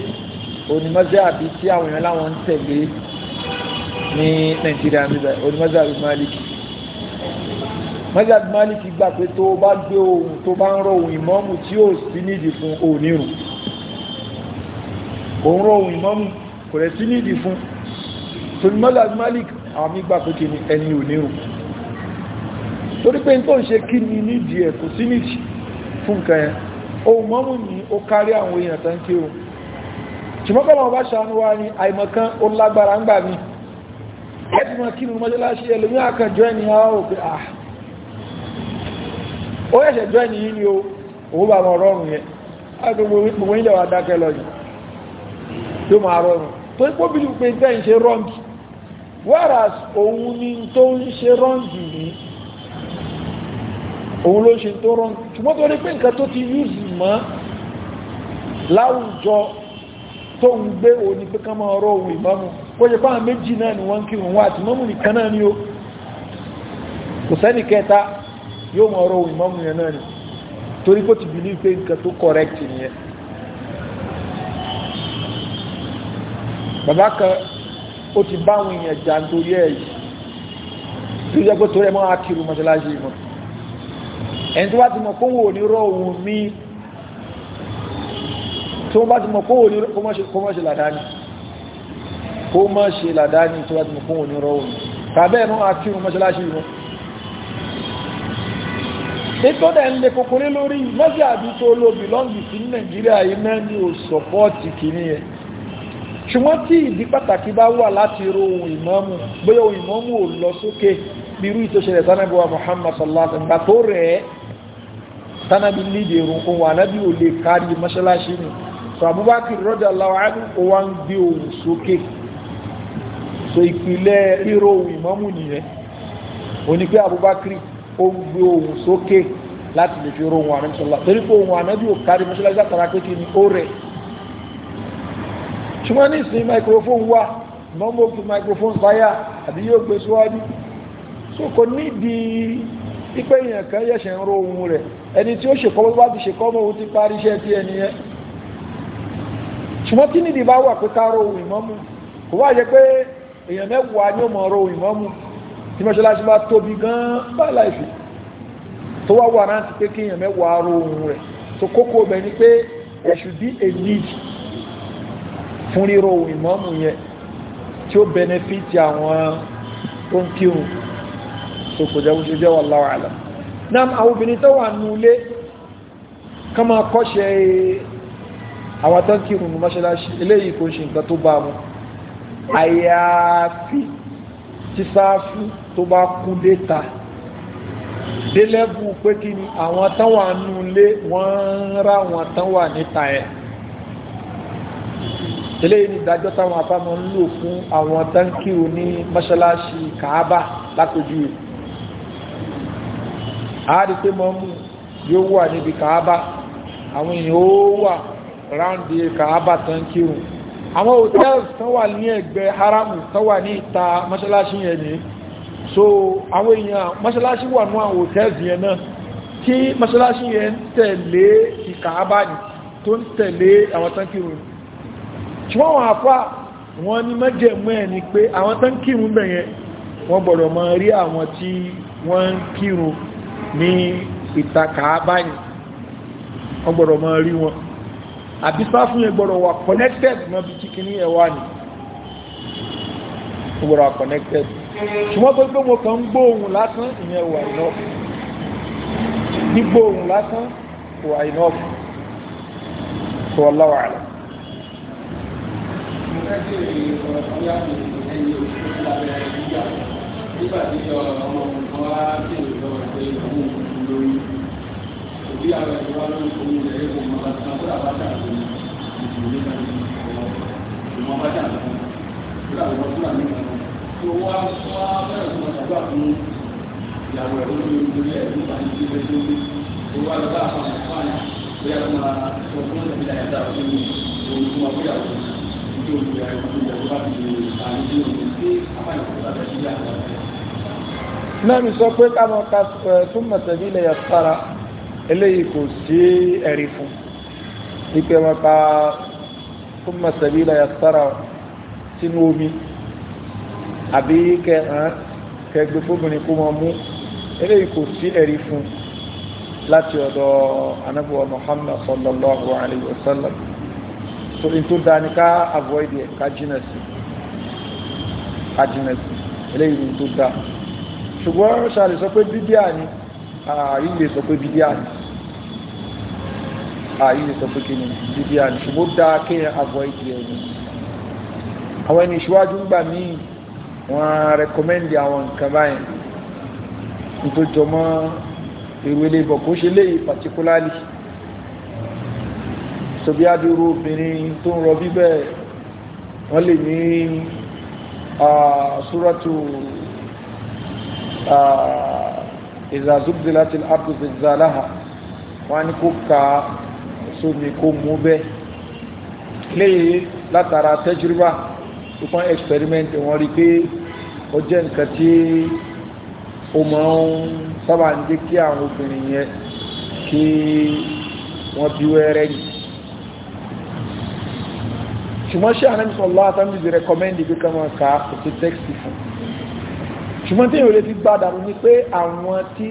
òní mọ́síàbí tí àwọn èèyàn láwọn ń tẹ̀lé ní nàìjíríà níbẹ̀ òní mọ́síàbí máàlìkì mọ́síàbí máàlìkì gbà pé tó bá gbé ohun tó bá ń rọ ohun ìmọ́mù tí ó sì nídìí fún onírun òun rọ ohun ìmọ́mù kò rẹ̀ sí nídìí fún torí mọ́síàbí máàlìkì àwọn mi gbà pé kí ni ẹni onírun torí pé n tó ń ṣe kí ni nídìí ẹ̀ kò sí nídìí fún nǹkan yẹn ohun mọ́mù ní ó kárí àwọn èèyàn tán kí o ṣùgbọ́n kọ́lọ̀ ọba ṣàánú wa ni àìmọ̀kan ó lágbára ń gbà mí ẹ̀bí mọ̀ kí ni mọ́ṣáláṣí ẹlòmí àkànjọ́ ẹni àwọn òpin à ó yẹ̀ṣẹ̀ jọ ẹni yìí ni o òun bá mọ̀ rọrùn yẹn agbègbè ilẹ̀ wa dákẹ́ lọ yìí yóò máa rọrùn òun ni ń ṣe tó rọ́ǹgì ṣùgbọ́n tó rí pé nǹkan tó ti use mọ́ láwùjọ tó ń gbé òní pé ká máa rọ ohun ìmámù kó jẹ́ pàà méjì náà ni wọ́n kírun wá àti mọ́mù nìkan náà ni ó kò sẹ́nì kẹta yóò máa rọ ohun ìmámù yẹn náà ni torí kó ti bìlí pé nǹkan tó correct nìyẹn bàbá kan ó ti bá àwọn èèyàn jà nítorí ẹ̀ yìí tó jẹ́ pé torí ẹ̀ máa kírun mọ́ṣáláṣí mọ́ ẹni tó bá ti mọ̀ kóhùn òní rọ ohun míì tó bá ti mọ̀ kó wò ní kó má ṣe làdáni kó má ṣe làdáni tó bá ti mọ̀ kó wò ní rọ́wùn tàbẹ́ ẹ̀mọ́ akírun mọ́ṣáláṣí wọn ètò dẹ̀ ń lè kòkòrè lórí mọ́sí àbí tó lò bìlọ́ǹgì sí nàìjíríà yìí náà ní ò kìíní ẹ̀ ṣùgbọ́n tí ìdí pàtàkì bá wà láti ro ohun ìmọ́mù bóyá ohun ìmọ́mù ò lọ sókè bírú ìtòṣẹlẹ̀ tánàbíwá Muhammad sallallahu alaihi wasallam tó rẹ̀ tánàbí lídèrún ohun ànábí ò lè kárí mọ́ṣáláṣí nìyí so abubakar rọ́jà láwárí ó wá ń gbé ohùn sókè so ìpìlẹ̀ ríro ohùn ìmámù nìyẹn ó ní pé abubakar ó ń gbé ohùn sókè láti lè fi ro ohùn ànábì sọlá torí pé ohùn ànábì ò kárí mọ́ṣáláṣí àtàrà pé kí ni ó rẹ̀ ṣùgbọ́n ní ìsìn microphone wà ìmámù ó fi microphone sáyà àbí yóò gbé síwájú so kò nídìí ipe èèyàn kan yẹ̀ṣẹ̀ ń ro ohùn rẹ̀ ẹni tí ó ṣèkọ́ bá ti ṣèkọ́ mọ́ ohun ti parí iṣẹ́ tí ẹni yẹn ṣùgbọ́n tí nídìí bá wà kó tá ro ohun ìmọ́mú kò wá yẹ pé èèyàn mẹ́wàá ni ó mọ̀ ro ohun ìmọ́mú tí mọ́ṣáláṣí bá tóbi gan-an bá láìsí tó wá wà rántí pé kí èèyàn mẹ́wàá ro ohun rẹ̀ tó kókó bẹ̀ ni pé there should be fún ríro ohun ìmọ́mú yẹn tí ó benefit àwọn tó ń kírun tó kò jẹ́ oṣù jẹ́ wallahu a'lam náà àwọn obìnrin tó wà nulẹ̀ kọ́ máa kọ́ṣẹ́ àwọn tó ń kírun ní mọ́ṣáláṣí eléyìí kò ṣe nǹkan tó bá mu àyàfi tí sáfù tó bá kú déta délẹ́bù pé kí ni àwọn tán wà nù lé wọ́n ń rá wọn tán wà níta ẹ̀ eléyìí ni ìdájọ́ táwọn afámọ́ ń lò fún àwọn tán ní mọ́ṣáláṣí kàábà lápòjú rẹ̀ àádìí pé mọ́mú yóò wà níbi kàábà àwọn èèyàn ó wà ráńdì kàábà tán kírun àwọn hotels tán wà ní ẹ̀gbẹ́ haramu tán wà ní ìta mọ́ṣáláṣí yẹn ni so àwọn èèyàn mọ́ṣáláṣí wà ní àwọn hotels yẹn náà tí mọ́ṣáláṣí yẹn ń tẹ̀lé ti kàábà ní tó ń tẹ̀lé àwọn tán kírun ṣùgbọ́n àwọn àfá wọn ni mọ́jẹ̀mú ẹ̀ ni pé àwọn tán bẹ̀yẹn wọ́n gbọ́dọ̀ mọ rí àwọn tí wọ́n ń kírun ní ìta kàábà wọ́n gbọ́dọ̀ mọ rí wọn àbí sáfún yẹn wà connected mọ́ bí kí kìíní ẹ̀ wá ní gbọ́dọ̀ wà connected ṣùgbọ́n tó gbé mo kàn ń gbóòhùn lásán ìyẹn wà enough gbígbóòhùn lásán wà enough tó wà láwà rẹ̀ Nígbàtí ọmọ ọmọ wá sí ìjọba pé àwọn òkú lórí bí àwọn ẹ̀rọ lórí omi ilẹ̀ èkó mọ àtúntò àbájá àti ìdílé náà ní ọ̀rọ̀ ìmọ̀ àbájá àti ìdílé àwọn ọmọ fúlàní kan tó wá wá bẹ̀rẹ̀ fún ọ̀dọ́ àfún ìyàwó ẹ̀rọ lórí omi ilẹ̀ èkó àti ìdílé tó ní tó wá lọ́dọ̀ àwọn àfáàní bóyá tó máa sọ fún ìdílé àyàtà fún mi sọ pé ká mọ̀ ká túmọ̀ tẹ̀lé ilẹ̀ yàtọ̀ eléyìí kò sí ẹ̀rí fún ipe wọn pa fúnmọ̀ sẹ́bílà yàtọ̀rọ̀ sínú omi àbí kẹhàn kẹgbẹ́ fóbìnrin kó wọn mú eléyìí kò sí ẹ̀rí fún láti ọ̀dọ̀ anábùwà Muhammad sallallahu alayhi wa sallam so in tó dáa ká avoid ká jìnà sí ká jìnà sí eléyìí ni tó dáa ṣùgbọ́n ṣàlè sọ pé bíbíà ni ààrí sọ pé bíbíà ni ààyè sọ pé kí ni bíbí àná ṣùgbọ́n dá kéèyàn a ìdí ẹni àwọn ẹni ìṣíwájú ń gbà míì wọ́n rẹkọmẹ́ndì àwọn nǹkan báyìí nítorí jọmọ́ ìwélé bọ̀ kó ṣe léyìí pàtíkúlálì tòbí adúrú obìnrin tó ń rọbí bẹ́ẹ̀ wọ́n lè ní ṣúrọ́tù ìzàzúbdìláti àbùzìzàláhà wọ́n ní kó ka sómi kó mú bẹ́ẹ̀ léyìí látara tẹ́júrúbà tó fún experiment wọn rí pé ó jẹ́ nǹkan tí ó máa ń sábà ń jẹ́ kí àwọn obìnrin yẹn kí wọ́n bí wẹ́rẹ́ yìí ṣùgbọ́n ṣe àrẹ́mì sọ̀lá àtàmì ìdí rẹ̀kọ́mẹ́ndì bí kọ́ máa ka òtí tẹ́kìtì fún ṣùgbọ́n tí yóò lè ti gbádàrú ní pé àwọn tí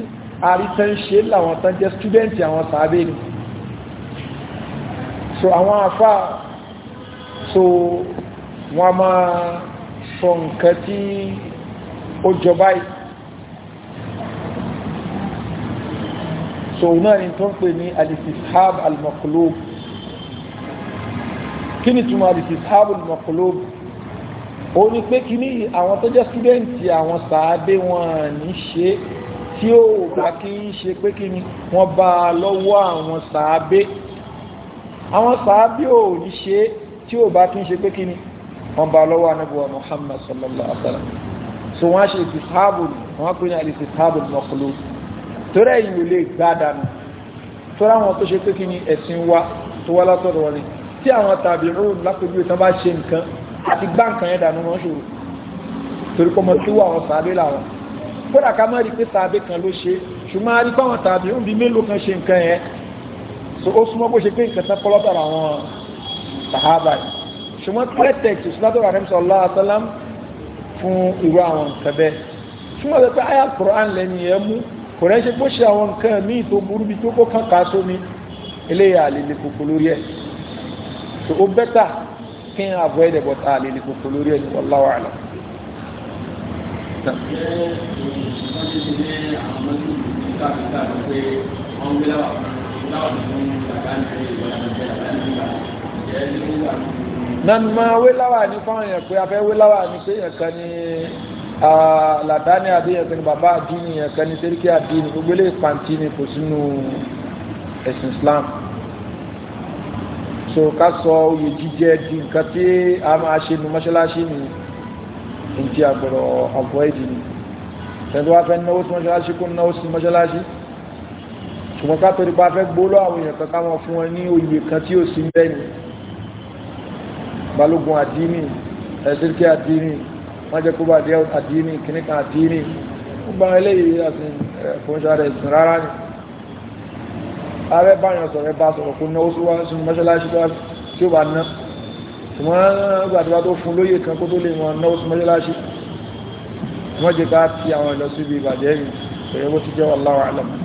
arítán ṣe láwọn tán jẹ́ stúdẹ́ntì àwọn sàábẹ́ ni so àwọn afa so wọ́n máa sọ nǹkan tí ó jọ báyìí so náà ni tó ń pè ní alisishab al-maqlub kí ni túmọ̀ alisishab al-maqlub ó ní pé kí ni àwọn tó jẹ́ sídẹ́ǹtì àwọn sàádé wọn ní ṣe tí ó bá kí ń ṣe pé kí ni wọ́n bá lọ́wọ́ àwọn sàádé àwọn sàábí ò ní ṣe tí ò bá kí ń ṣe pé kíni wọ́n bá lọ́wọ́ anábọ̀wọ̀ Muhammad sallallahu alaihi wa sallam so wọ́n á ṣe ìsìsáàbù wọ́n á pè ní àìsìsáàbù mọ̀kúlù torí ẹ̀yìn ò lè gbá dànù torí àwọn tó ṣe pé kíni ẹ̀sìn wa tó wá látọ̀dọ̀ wọn ni tí a rí pé àwọn tàbí rúùn so ó súnmọ́ bó ṣe pé nǹkan tán kọ́lọ́tàrà àwọn sàhábà ṣùgbọ́n pretext ìsúnátọ̀rọ̀ àrẹ́mí sọ̀lá àtàlám fún irú àwọn nǹkan bẹ́ẹ̀ ṣùgbọ́n pé àyà Qur'an lẹ́ni ẹ̀ mú kò rẹ́ ṣe bó ṣe àwọn nǹkan míì tó burú bí tó kó kàn ká sómi eléyà àlèlè kòkò lórí ẹ̀ so ó bẹ́tà kí n àbọ̀ ẹ̀ dẹ̀bọ̀ ta àlèlè lórí ẹ̀ wallahu a'lam Thank you nanu máa wé láwà ní fáwọn èèyàn pé afẹ́ wé láwà ní pé èèyàn kan ní làdáni àbí èèyàn kan ní bàbá àdínì èèyàn kan ní sẹ́ríkì àdínì gbogbo ilé ìpàǹtí ni kò sínú ẹ̀sìn Islam so ká sọ oyè jíjẹ di nǹkan tí a máa ṣe nu mọ́ṣáláṣí ni nǹkan àgbọ̀rọ̀ avoid ni tẹ̀lé wá fẹ́ náwó sí mọ́ṣáláṣí kó náwó sí mọ́ṣáláṣí ṣùgbọ́n ká torí pa fẹ́ gbóló àwọn èèyàn kan káwọn fún wọn ní oyè kan tí ó sì ń bẹ́ni balógun àdínì ẹ̀sìnkẹ́ àdínì wọ́n jẹ́ kó bá dé àdínì kìnnìkan àdínì ó gba eléyìí àti ẹ̀fọ́nṣà rẹ̀ sùn rárá ni ààrẹ báyọ̀ sọ̀rọ̀ bá sọ̀rọ̀ kó náwó sí ó bá ná sí